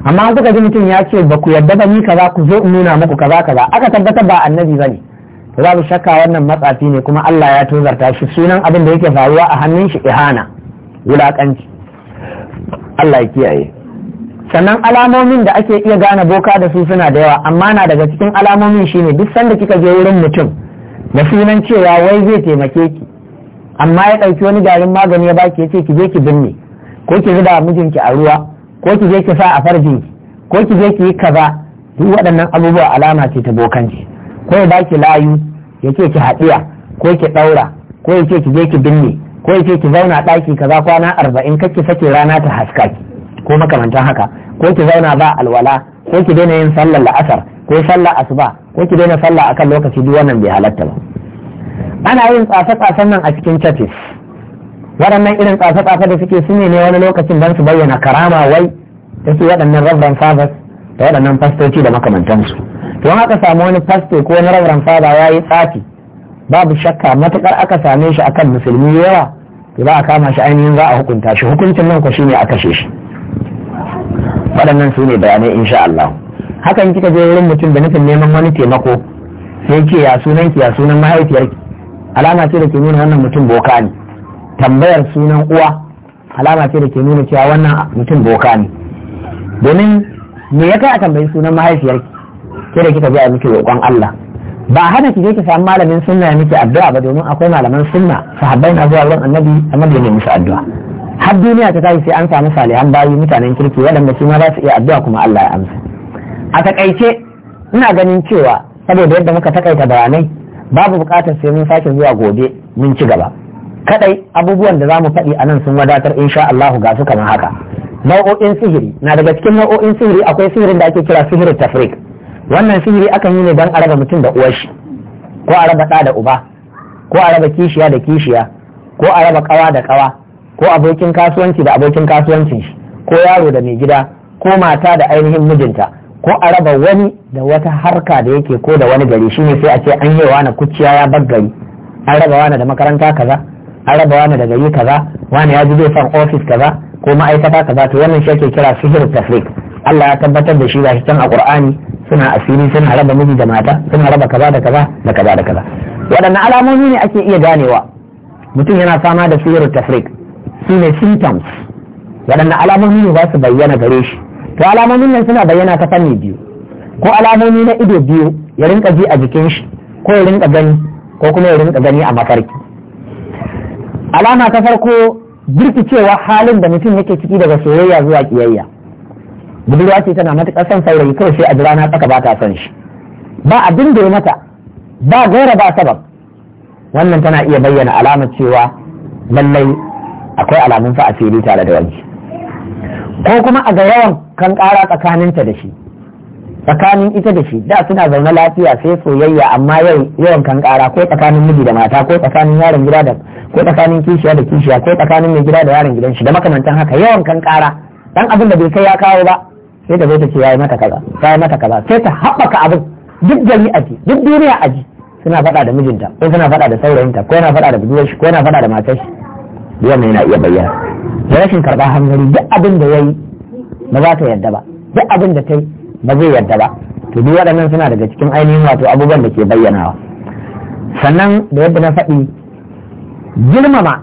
amma an kuka ji mutum ya ce ba ku yarda ba ni kaza ku zo in nuna muku kaza kaza aka tabbatar ba annabi bane to babu shakka wannan matsafi ne kuma Allah ya tozarta shi sunan abin da yake faruwa a hannun shi ihana wulakanci Allah ya kiyaye sannan alamomin da ake iya gane boka da su suna da yawa amma na daga cikin alamomin shine duk sanda kika je wurin mutum da sunan cewa wai zai taimake ki amma ya ɗauki wani garin magani ya baki ya ce ki je ki binne ko ki zuba mijinki a ruwa ko ki je ki sa a ki ko ki je ki yi kaza duk waɗannan abubuwa alama ce ta bokanci ko ya baki layu ya ce ki haɗiya ko ki ɗaura ko ya ce ki je ki binne ko ya ce ki zauna ɗaki kaza kwana arba'in kake sake rana ta haska ki ko makamantan haka ko ki zauna ba alwala ko ki daina yin sallar la'asar ko sallar asuba ko ki daina sallah akan lokaci duk wannan bai halatta ba ana yin tsasa-tsasan nan a cikin catis. waɗannan irin tsafe-tsafe da suke sune ne wani lokacin don su bayyana karama wai da su waɗannan rabban fathers da waɗannan fastoci da makamantansu To an aka samu wani fasto ko wani rabban fada ya yi tsafi babu shakka matukar aka same shi akan musulmi yawa to za a kama shi ainihin za a hukunta shi hukuncin nan ko ne a kashe shi waɗannan su ne bayanai insha Allah hakan kika je wurin mutum da nufin neman wani taimako sai ke ya sunan ya sunan mahaifiyarki alama ce da ke nuna wannan mutum boka ne tambayar sunan uwa alama ce da ke nuna cewa wannan mutum boka ne domin me ya kai a tambayi sunan mahaifiyar ke da kika je a miki roƙon Allah ba hana ki je ki samu malamin sunna ya miki addu'a ba domin akwai malaman sunna sahabbai na zuwa wurin annabi annabi ne musu addu'a har duniya ta tashi sai an samu salihan bayi mutanen kirki waɗanda su ma za su iya addu'a kuma Allah ya amsa a takaice ina ganin cewa saboda yadda muka takaita bayanai babu bukatar sai mun sake zuwa gobe mun ci gaba kadai abubuwan da za mu faɗi a nan sun wadatar in sha Allahu ga su kamar haka nau'o'in sihiri na daga cikin nau'o'in sihiri akwai sihirin da ake kira sihirin tafrik wannan sihiri akan yi ne don a raba mutum da uwar shi ko a raba ɗa da uba ko a raba kishiya da kishiya ko a raba ƙawa da ƙawa ko abokin kasuwanci da abokin kasuwancin shi ko yaro da mai gida ko mata da ainihin mijinta ko a raba wani da wata harka da yake ko da wani gari shine sai a ce an yi wa na kuciya ya baggari, an raba wani da makaranta kaza an raba wani daga yi kaza wani ya ji zai san ofis kaza ko ma'aikata kaza to wannan shi kira sihir tafrik Allah ya tabbatar da shi ga can a Qur'ani suna asiri suna raba miji da mata suna raba kaza da kaza da kaza da kaza waɗannan alamomi ne ake iya ganewa mutum yana fama da sihir tafrik su ne symptoms waɗannan alamomi ne za su bayyana gare shi to alamomin nan suna bayyana ta fanni biyu ko alamomi na ido biyu ya rinka ji a jikin shi ko ya rinka gani ko kuma ya rinka gani a mafarki alama ta farko cewa halin da mutum yake ciki daga soyayya zuwa kiyayya budurwa ce tana matuƙar son saurayi kawai sai a jira na tsaka ba ta son shi ba abin da ya mata ba gaira ba sabab wannan tana iya bayyana alamar cewa lallai akwai alamun fa fili tare da wanki ko kuma a ga yawan kan ƙara tsakaninta da shi tsakanin ita da shi da suna zaune lafiya sai soyayya amma yau yawan kan kara ko tsakanin miji da mata ko tsakanin yaron gida da ko tsakanin kishiya da kishiya ko tsakanin mai gida da yaron gidan shi da makamantan haka yawan kan kara dan abin da bai kai ya kawo ba sai ta zo ta ce yayi mata kaza yayi mata kaza sai ta haɓaka abin duk gari a ji duk duniya a ji suna faɗa da mijinta ko suna faɗa da saurayinta ko yana faɗa da budurwar shi ko yana faɗa da matar shi wannan yana iya bayyana da rashin karɓar hangari duk abin da yayi ba za ta yadda ba duk abin da ta ba zai yarda ba to duk waɗannan suna daga cikin ainihin wato abubuwan da ke bayyanawa sannan da yadda na faɗi girmama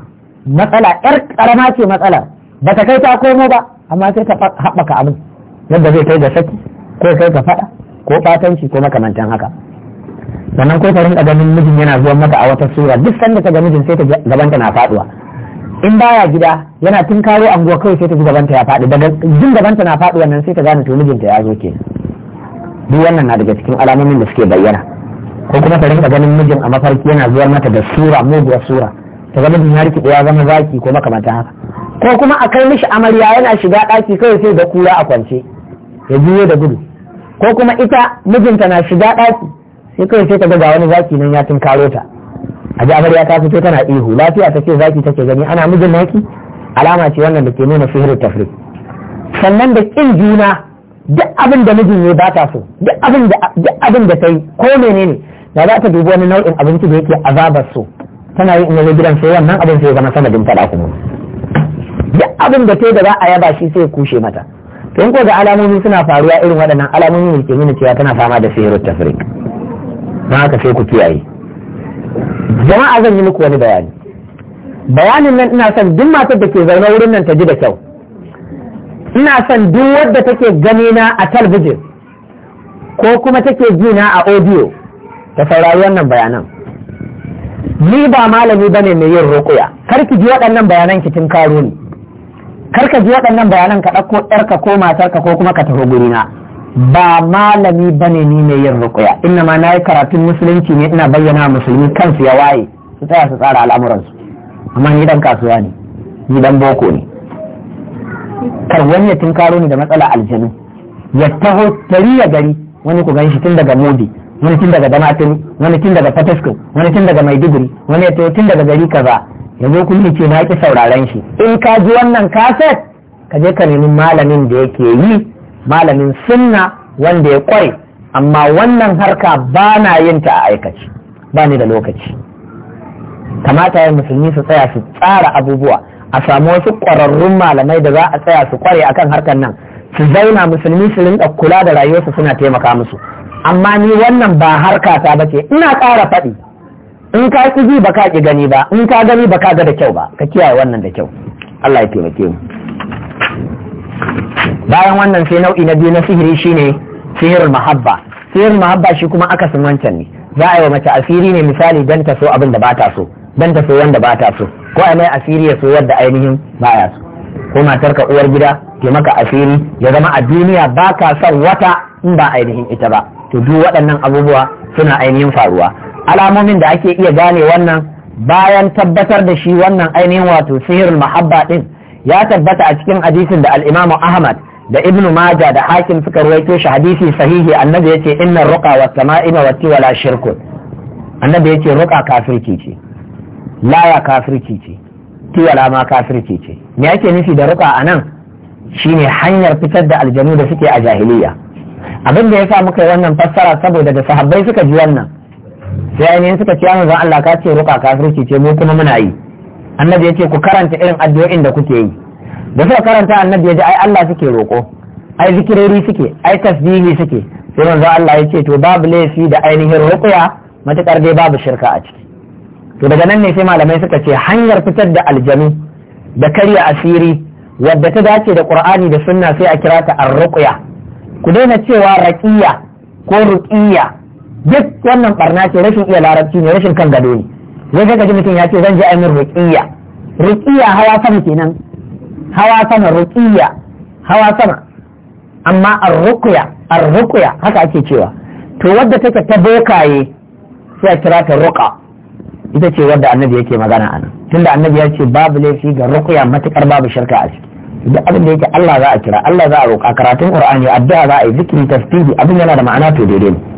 matsala yar karama ce matsala ba ta kai ta komo ba amma sai ta haɓaka abin yadda zai kai da saki ko kai ka faɗa ko fatanci ko makamantan haka sannan ko ta rinka ganin mijin yana zuwa mata a wata sura duk sanda ta ga mijin sai ta gabanta na faɗuwa in baya gida yana tun karo anguwa kawai sai ta ji gabanta ya faɗi daga jin gabanta na faɗi wannan sai ta gane to mijinta ya zo ke duk wannan na daga cikin alamomin da suke bayyana ko kuma ta rinka ganin mijin a mafarki yana zuwa mata da sura muguwar sura ta zama mijin ya rikide ya zama zaki ko makamantan haka ko kuma a kai mishi amarya yana shiga ɗaki kawai sai da kura a kwance ya juyo da gudu ko kuma ita mijinta na shiga ɗaki sai kawai sai ta ga wani zaki nan ya tunkaro ta a ji amarya ta fito tana ihu lafiya ta ce zaki take gani ana mijin naki alama ce wannan da ke nuna sihirin tafri sannan da kin juna duk abin da mijin ne ba so duk abin da ta yi ko menene da za ta dubi wani nau'in abinci da yake azabar so tana yi in zai gidan sai wannan abin sai zama sanadin fada kuma duk abin da ta yi da za a yaba shi sai kushe mata to ko ga alamomi suna faruwa irin waɗannan alamomi ne ke nuna cewa tana fama da sihirin tafri na haka sai ku kiyaye jama'a zan yi muku wani bayani bayanin nan ina son duk matar da ke zaune wurin nan ta ji da kyau ina son duk wadda take gani na a talbijin ko kuma take ji na a odiyo ta saurari wannan bayanan ni ba malami ba ne mai yin rokuya kar ki ji waɗannan bayanan ki tun karo ni kar ka ji waɗannan bayanan ka ɗauko ɗarka ko matarka ko kuma ka tafi na. ba malami bane ni ne yin ruqya inna ma nayi karatun musulunci ne ina bayyana musulmi kansu ya waye su tsaya su tsara al'amuransu amma ni dan kasuwa ne ni dan boko ne kar wani ya tinkaro ni da matsala aljanu ya taho tari ya gari wani ku ganshi tun daga modi wani tun daga damatin wani tun daga fataskin wani tun daga maiduguri wani ya taho tun daga gari kaza ya zo kun ce na ki sauraren shi in ka ji wannan kaset ka je ka nemi malamin da yake yi malamin sunna wanda ya kware amma wannan harka ba na yin ta a aikace ba ni da lokaci kamata ya musulmi su tsaya su tsara abubuwa a samu wasu ƙwararrun malamai da za a tsaya su kware akan harkar nan su zauna musulmi su rinka kula da rayuwarsu suna taimaka musu amma ni wannan ba harka ta bace ina ƙara faɗi in ka ki ji ka ki gani ba in ka gani ba ka ga da kyau ba ka kiyaye wannan da kyau Allah ya taimake mu bayan wannan sai nau'i na biyu na sihiri shine sihirul mahabba sihirul mahabba shi kuma aka sun wancan ne za a yi wa mace asiri ne misali dan ta so abin da bata so dan ta so wanda bata so ko a mai asiri ya so wadda ainihin baya so ko matar ka uwar gida ke maka asiri ya zama a duniya baka son wata in ba ainihin ita ba to duk waɗannan abubuwa suna ainihin faruwa alamomin da ake iya gane wannan bayan tabbatar da shi wannan ainihin wato sihirul mahabba ɗin. ya tabbata a cikin hadisin da al-Imam Ahmad da Ibn Majah da Hakim suka rawaito shi hadisi sahihi annabi yace innar ruqa was wa tiwa wala shirku annabi yace ruqa kafirci ce laya kafirci ce la ma kafirci ce me yake nufi da ruqa anan shine hanyar fitar da aljanu da suke a jahiliya abin da yasa muka yi wannan fassara saboda da sahabbai suka ji wannan sai ainihin suka ce ya manzon Allah ka ce ruqa kafirci ce mu kuma muna yi annabi ya ce ku karanta irin addu'o'in da kuke yi da suka karanta annabi ya ji ai Allah suke roƙo ai zikirori suke ai tasbihi suke sai manzo Allah ya ce to babu laifi da ainihin ruqya matakar dai babu shirka a ciki to daga nan ne sai malamai suka ce hanyar fitar da aljanu da karya asiri wadda ta dace da qur'ani da sunna sai a kira ta ar-ruqya ku daina cewa raqiya ko ruqiya duk wannan barna ce rashin iya larabci ne rashin kan gado ne zai ga gaji mutum ya ce zan je a min ruqiyya ruqiyya hawa sama kenan hawa sama ruqiyya hawa sama amma ar-ruqya haka ake cewa to wadda take ta bokaye sai a kira ta ruqa ita ce wadda annabi yake magana ana tunda annabi ya ce babu laifi ga ruqya matukar babu shirka a ciki duk abin da yake Allah za a kira Allah za a roƙa karatun Qur'ani addu'a za a yi zikiri tasbihi abin yana da ma'ana to daidai ne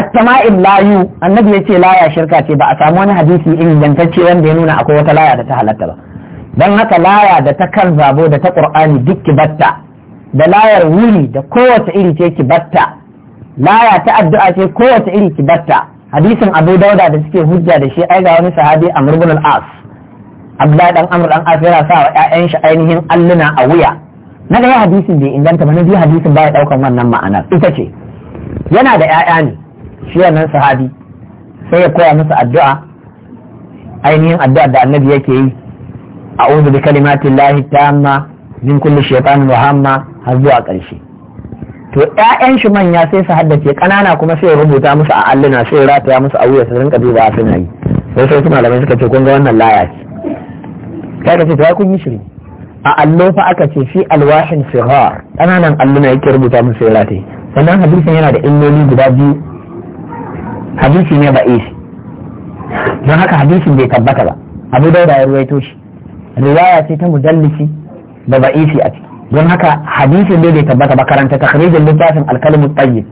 at-tama'im layu annabi yace laya shirka ce ba a samu wani hadisi ingantacce wanda ya nuna akwai wata laya da ta halatta ba dan haka laya da ta kan zabo da ta kur'ani duk kibatta da layar wuri da kowace iri ce kibatta laya ta addu'a ce kowace iri ki kibatta hadisin abu dauda da suke hujja da shi ai ga wani sahabi amr ibn al-as abdullahi dan amr dan as yana sa wa ƴaƴan shi ainihin alluna a wuya na ga hadisin bai inganta ba na biyu hadisin baya daukan wannan ma'anar ita ce yana da ƴaƴa ne shi wannan sahabi sai ya koya musu addu'a ainihin addu'a da annabi yake yi a a'udhu bi kalimatillahi tamma min kulli shaytanin wa hamma har zuwa ƙarshe to ƴaƴan shi manya sai su haddace ƙanana kuma sai rubuta musu a alluna sai rataya musu a wuya su rinka duba suna yi sai sai su malamai suka ce kun ga wannan laya ce kai ka ce to kun yi shiri a allo fa aka ce fi alwahin sihar ƙananan alluna yake rubuta musu sai rataye sannan hadisin yana da illoli guda biyu hadisi ne ba isi don haka hadisin bai tabbata ba abu dauda ya ruwaito shi riwaya ce ta mudallisi da ba isi a ciki don haka hadisin bai bai tabbata ba karanta takhrijin littafin alkalmu tayyib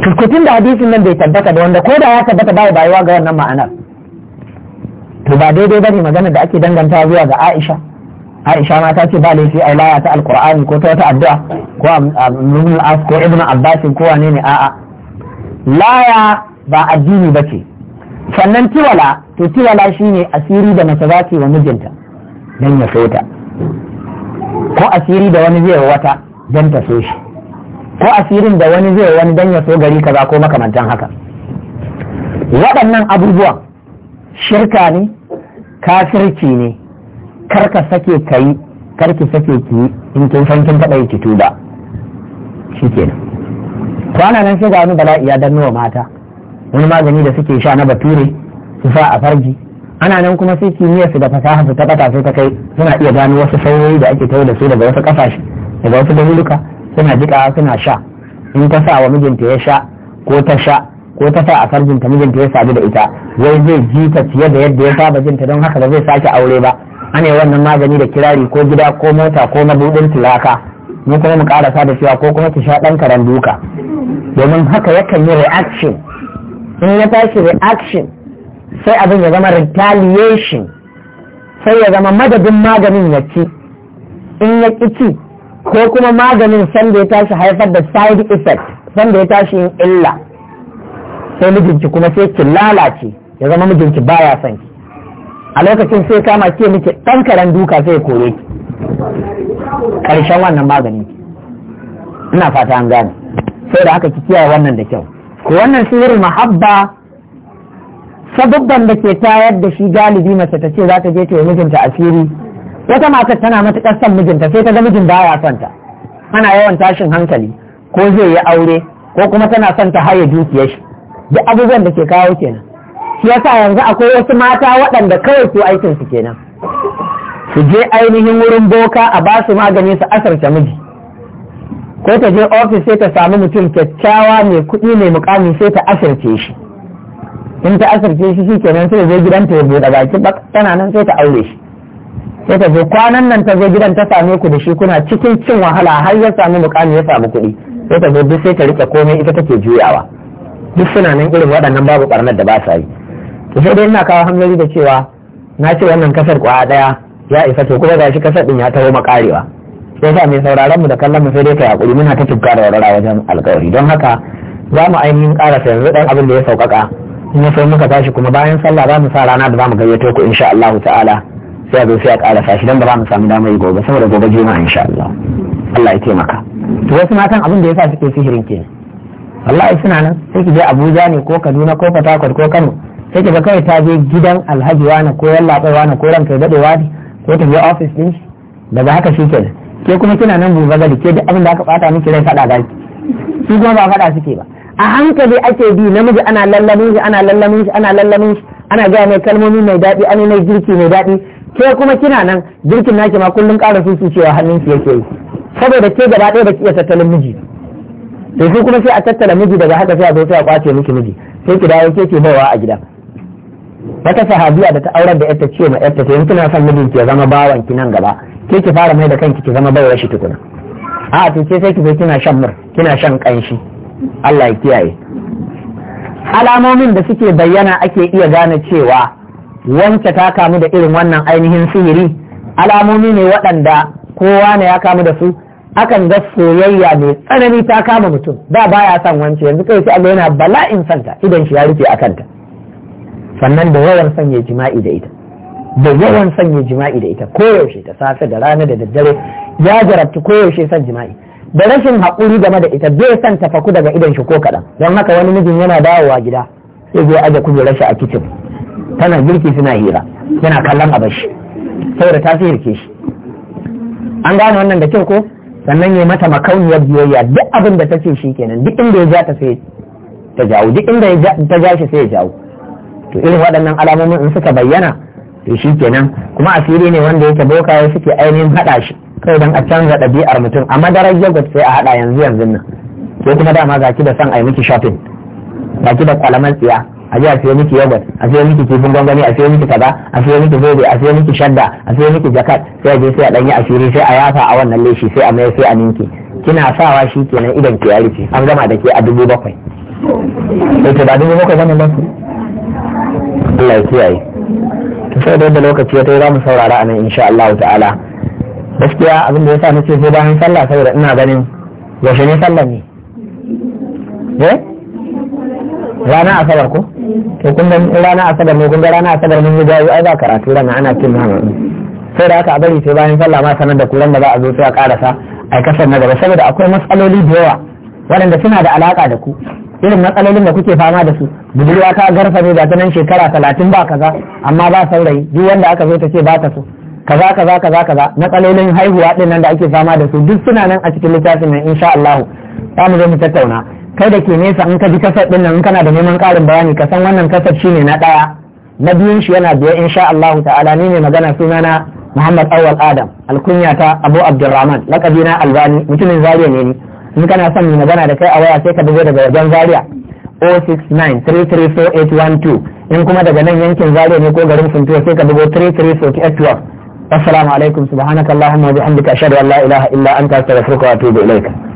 tuskutun da hadisin nan bai tabbata da wanda ko da ya tabbata ba bayuwa ga wannan ma'anar to ba daidai bane magana da ake danganta zuwa ga Aisha Aisha ma ta ce ba laifi a laya ta alkur'ani ko ta wata addu'a ko ibn al ko ibn abbas ko wane ne a'a laya ba addini ba ce sannan tiwala to tiwala shine asiri da mace za wa mijinta don ya so ta ko asiri da wani zai wata don ta so shi ko asirin da wani zai wani don ya so gari kaza ko makamantan haka waɗannan abubuwan shirka ne kafirci ne karka sake kayi karki sake ki in kin san kin taɓa yi ki tuba shikenan to ana nan sai ga wani bala'i ya danno wa mata wani magani da suke sha na bature su sa a farji ana nan kuma sai kimiyyar su da fasaha su ta kata sai ta kai suna iya gano wasu sauyoyi da ake tawo da su daga wasu kasashe daga wasu dalilika suna jika suna sha in ta sa wa mijinta ya sha ko ta sha ko ta sa a farjinta mijinta ya sadu da ita wai zai ji ta fiye da yadda ya saba jinta don haka ba zai sake aure ba ana wannan magani da kirari ko gida ko mota ko mabudin tilaka mun kuma mu karasa da cewa ko kuma ki sha dan karan duka domin haka yakan yi reaction in ya tashi reaction sai abin ya zama retaliation sai ya zama madadin maganin ya ci in ya ƙi ci ko kuma maganin sanda ya tashi haifar da side effect sanda ya tashi yin illa sai mijinki kuma sai ki lalace ya zama mijinki baya son ki a lokacin sai kama ke miki ɗan karen duka sai kore ki ƙarshen wannan magani ina fata an gane sai da aka ki wannan da kyau ko wannan sihirul mahabba sababban da ke tayar da shi galibi mace ta ce za ta je ta yi mijinta asiri wata mata tana matuƙar son mijinta sai ta ga mijin baya son ta ana yawan tashin hankali ko zai yi aure ko kuma tana son ta haye dukiyar shi duk abubuwan da ke kawo kenan shi yasa yanzu akwai wasu mata waɗanda kawai su aikin su kenan su je ainihin wurin boka a ba su magani su asarta miji ko ta je ofis sai ta samu mutum kyakkyawa mai kuɗi mai mukami sai ta asirce shi in ta asirce shi nan sai zai gidanta ya buɗe baki ba tana nan sai ta aure shi sai ta zo kwanan nan ta zo gidan ta same ku da shi kuna cikin cin wahala har ya sami mukami ya samu kuɗi sai ta zo duk sai ta rike komai ita take juyawa duk suna nan irin waɗannan babu ɓarnar da ba sa yi to sai dai ina kawo hanzari da cewa na ce wannan kasar kwa ɗaya ya isa to kuma gashi kasar ɗin ya taho makarewa sai sa mai sauraron mu da kallon mu sai dai kai hakuri muna ta tubka da warara wajen alƙawari don haka za mu ainihin ƙara yanzu ɗan abin da ya sauƙaƙa in ya sai muka tashi kuma bayan sallah za mu sa rana da za mu gayyato ku insha Allah ta'ala sai a zo sai a ƙara sashi don ba za mu samu damar yi gobe saboda gobe juma'a insha Allah Allah ya taimaka to wasu matan abin da ya sa suke sihirin ke wallahi suna nan sai ki je Abuja ne ko Kaduna ko Port Harcourt ko Kano sai ki ga kai ta je gidan Alhaji wani ko Yallaɓai wani ko ranka ya daɗe wani ko ta je ofis ɗin daga haka shi kenan ke kuma kina nan buga gari ke duk abin da aka fata miki rai fada gari su kuma ba fada suke ba a hankali ake bi namiji ana lallamin shi ana lallamin shi ana lallamin shi ana gaya mai kalmomi mai daɗi ana mai girki mai daɗi ke kuma kina nan girkin naki ma kullun ƙara su cewa hannun ki yake yi saboda ke gaba ɗaya baki iya tattalin miji to su kuma sai a tattala miji daga haka sai a zo sai a kwace miki miji sai ki dawo ke bawa a gida wata sahabiya da ta aurar da yarta ce ma yarta sai kina son mijinki ya zama bawan ki nan gaba ke ki fara mai da kanki ki zama bai rashi tukuna a to ce sai ki zo kina shan mur kina shan kanshi Allah ya kiyaye alamomin da suke bayyana ake iya gane cewa wance ta kamu da irin wannan ainihin sihiri alamomi ne waɗanda kowa ne ya kamu da su akan ga soyayya mai tsanani ta kama mutum da baya son wance yanzu kai sai Allah yana bala'in santa idan shi ya rufe a kanta sannan da wayar sanya ya jima'i da ita da yawan sanya jima'i da ita koyaushe ta safe da rana da daddare ya jarabci koyaushe son jima'i da rashin haƙuri game da ita bai son ta faku daga idon shi ko kaɗan don haka wani mijin yana dawowa gida sai zai aje kujerar shi a kicin tana girki suna hira yana kallon abashi saboda ta sihirke shi an gane wannan da kyau ko sannan ya mata makauniyar biyayya duk abin da ta ce shi kenan duk inda ya ja ta sai ta jawo duk inda ta ja shi sai ya jawo to irin waɗannan alamomin in suka bayyana to shi kenan kuma asiri ne wanda yake bokaye suke ainihin haɗa shi kai don a canza ɗabi'ar mutum a madarar yogurt sai a haɗa yanzu yanzu nan ko kuma dama ga ki da son a yi miki shopping ga ki da kwalaman tsiya a je a siyo miki yogurt a siyo miki kifin gwangwani a siyo miki kaza a siyo miki zobe a siyo miki shadda a siyo miki jakat sai a je sai a ɗanyi asiri sai a yafa a wannan leshi sai a mai sai a ninki kina sawa shi kenan idan ki ya rufe an gama da ke a dubu bakwai ba dubu bakwai ne ba Allah ya kiyaye sai da yadda lokaci ya tai za mu saurara a nan insha Allah ta'ala gaskiya abin da yasa nace sai bayan sallah saboda ina ganin yaushe ne sallah ne eh rana asabar ko to kun dan rana asabar ne kun ga rana asabar mun yi gayu ai ba karatu rana ana cin mahimmanci sai da aka bari sai bayan sallah ma sanar da ku ran da za a zo sai a karasa a kasar na gaba saboda akwai matsaloli da yawa waɗanda suna da alaka da ku irin matsalolin da kuke fama da su budurwa ta garfa ne ta nan shekara talatin ba kaza amma ba saurayi duk wanda aka zo ta ce ba ta so kaza kaza kaza kaza matsalolin haihuwa din nan da ake fama da su duk suna nan a cikin littafin nan insha Allah za mu zo mu tattauna kai da ke nesa in ka ji kasar din nan in kana da neman karin bayani ka san wannan kasar shine na ɗaya. na biyun shi yana biyar insha Allah ta'ala ni ne magana sunana Muhammad Awal Adam alkunya ta Abu Abdulrahman laqabina Albani mutumin Zaria ne ni in kana son mai magana da kai a waya sai ka bugo daga wajen zaria 069 in kuma daga nan yankin zaria ne ko garin funtuwa sai ka bugo 334-812 assalamu alaikum subhanakallahumma wa bihamdika ashhadu an la ilaha illa anta astaghfiruka wa atubu ilaika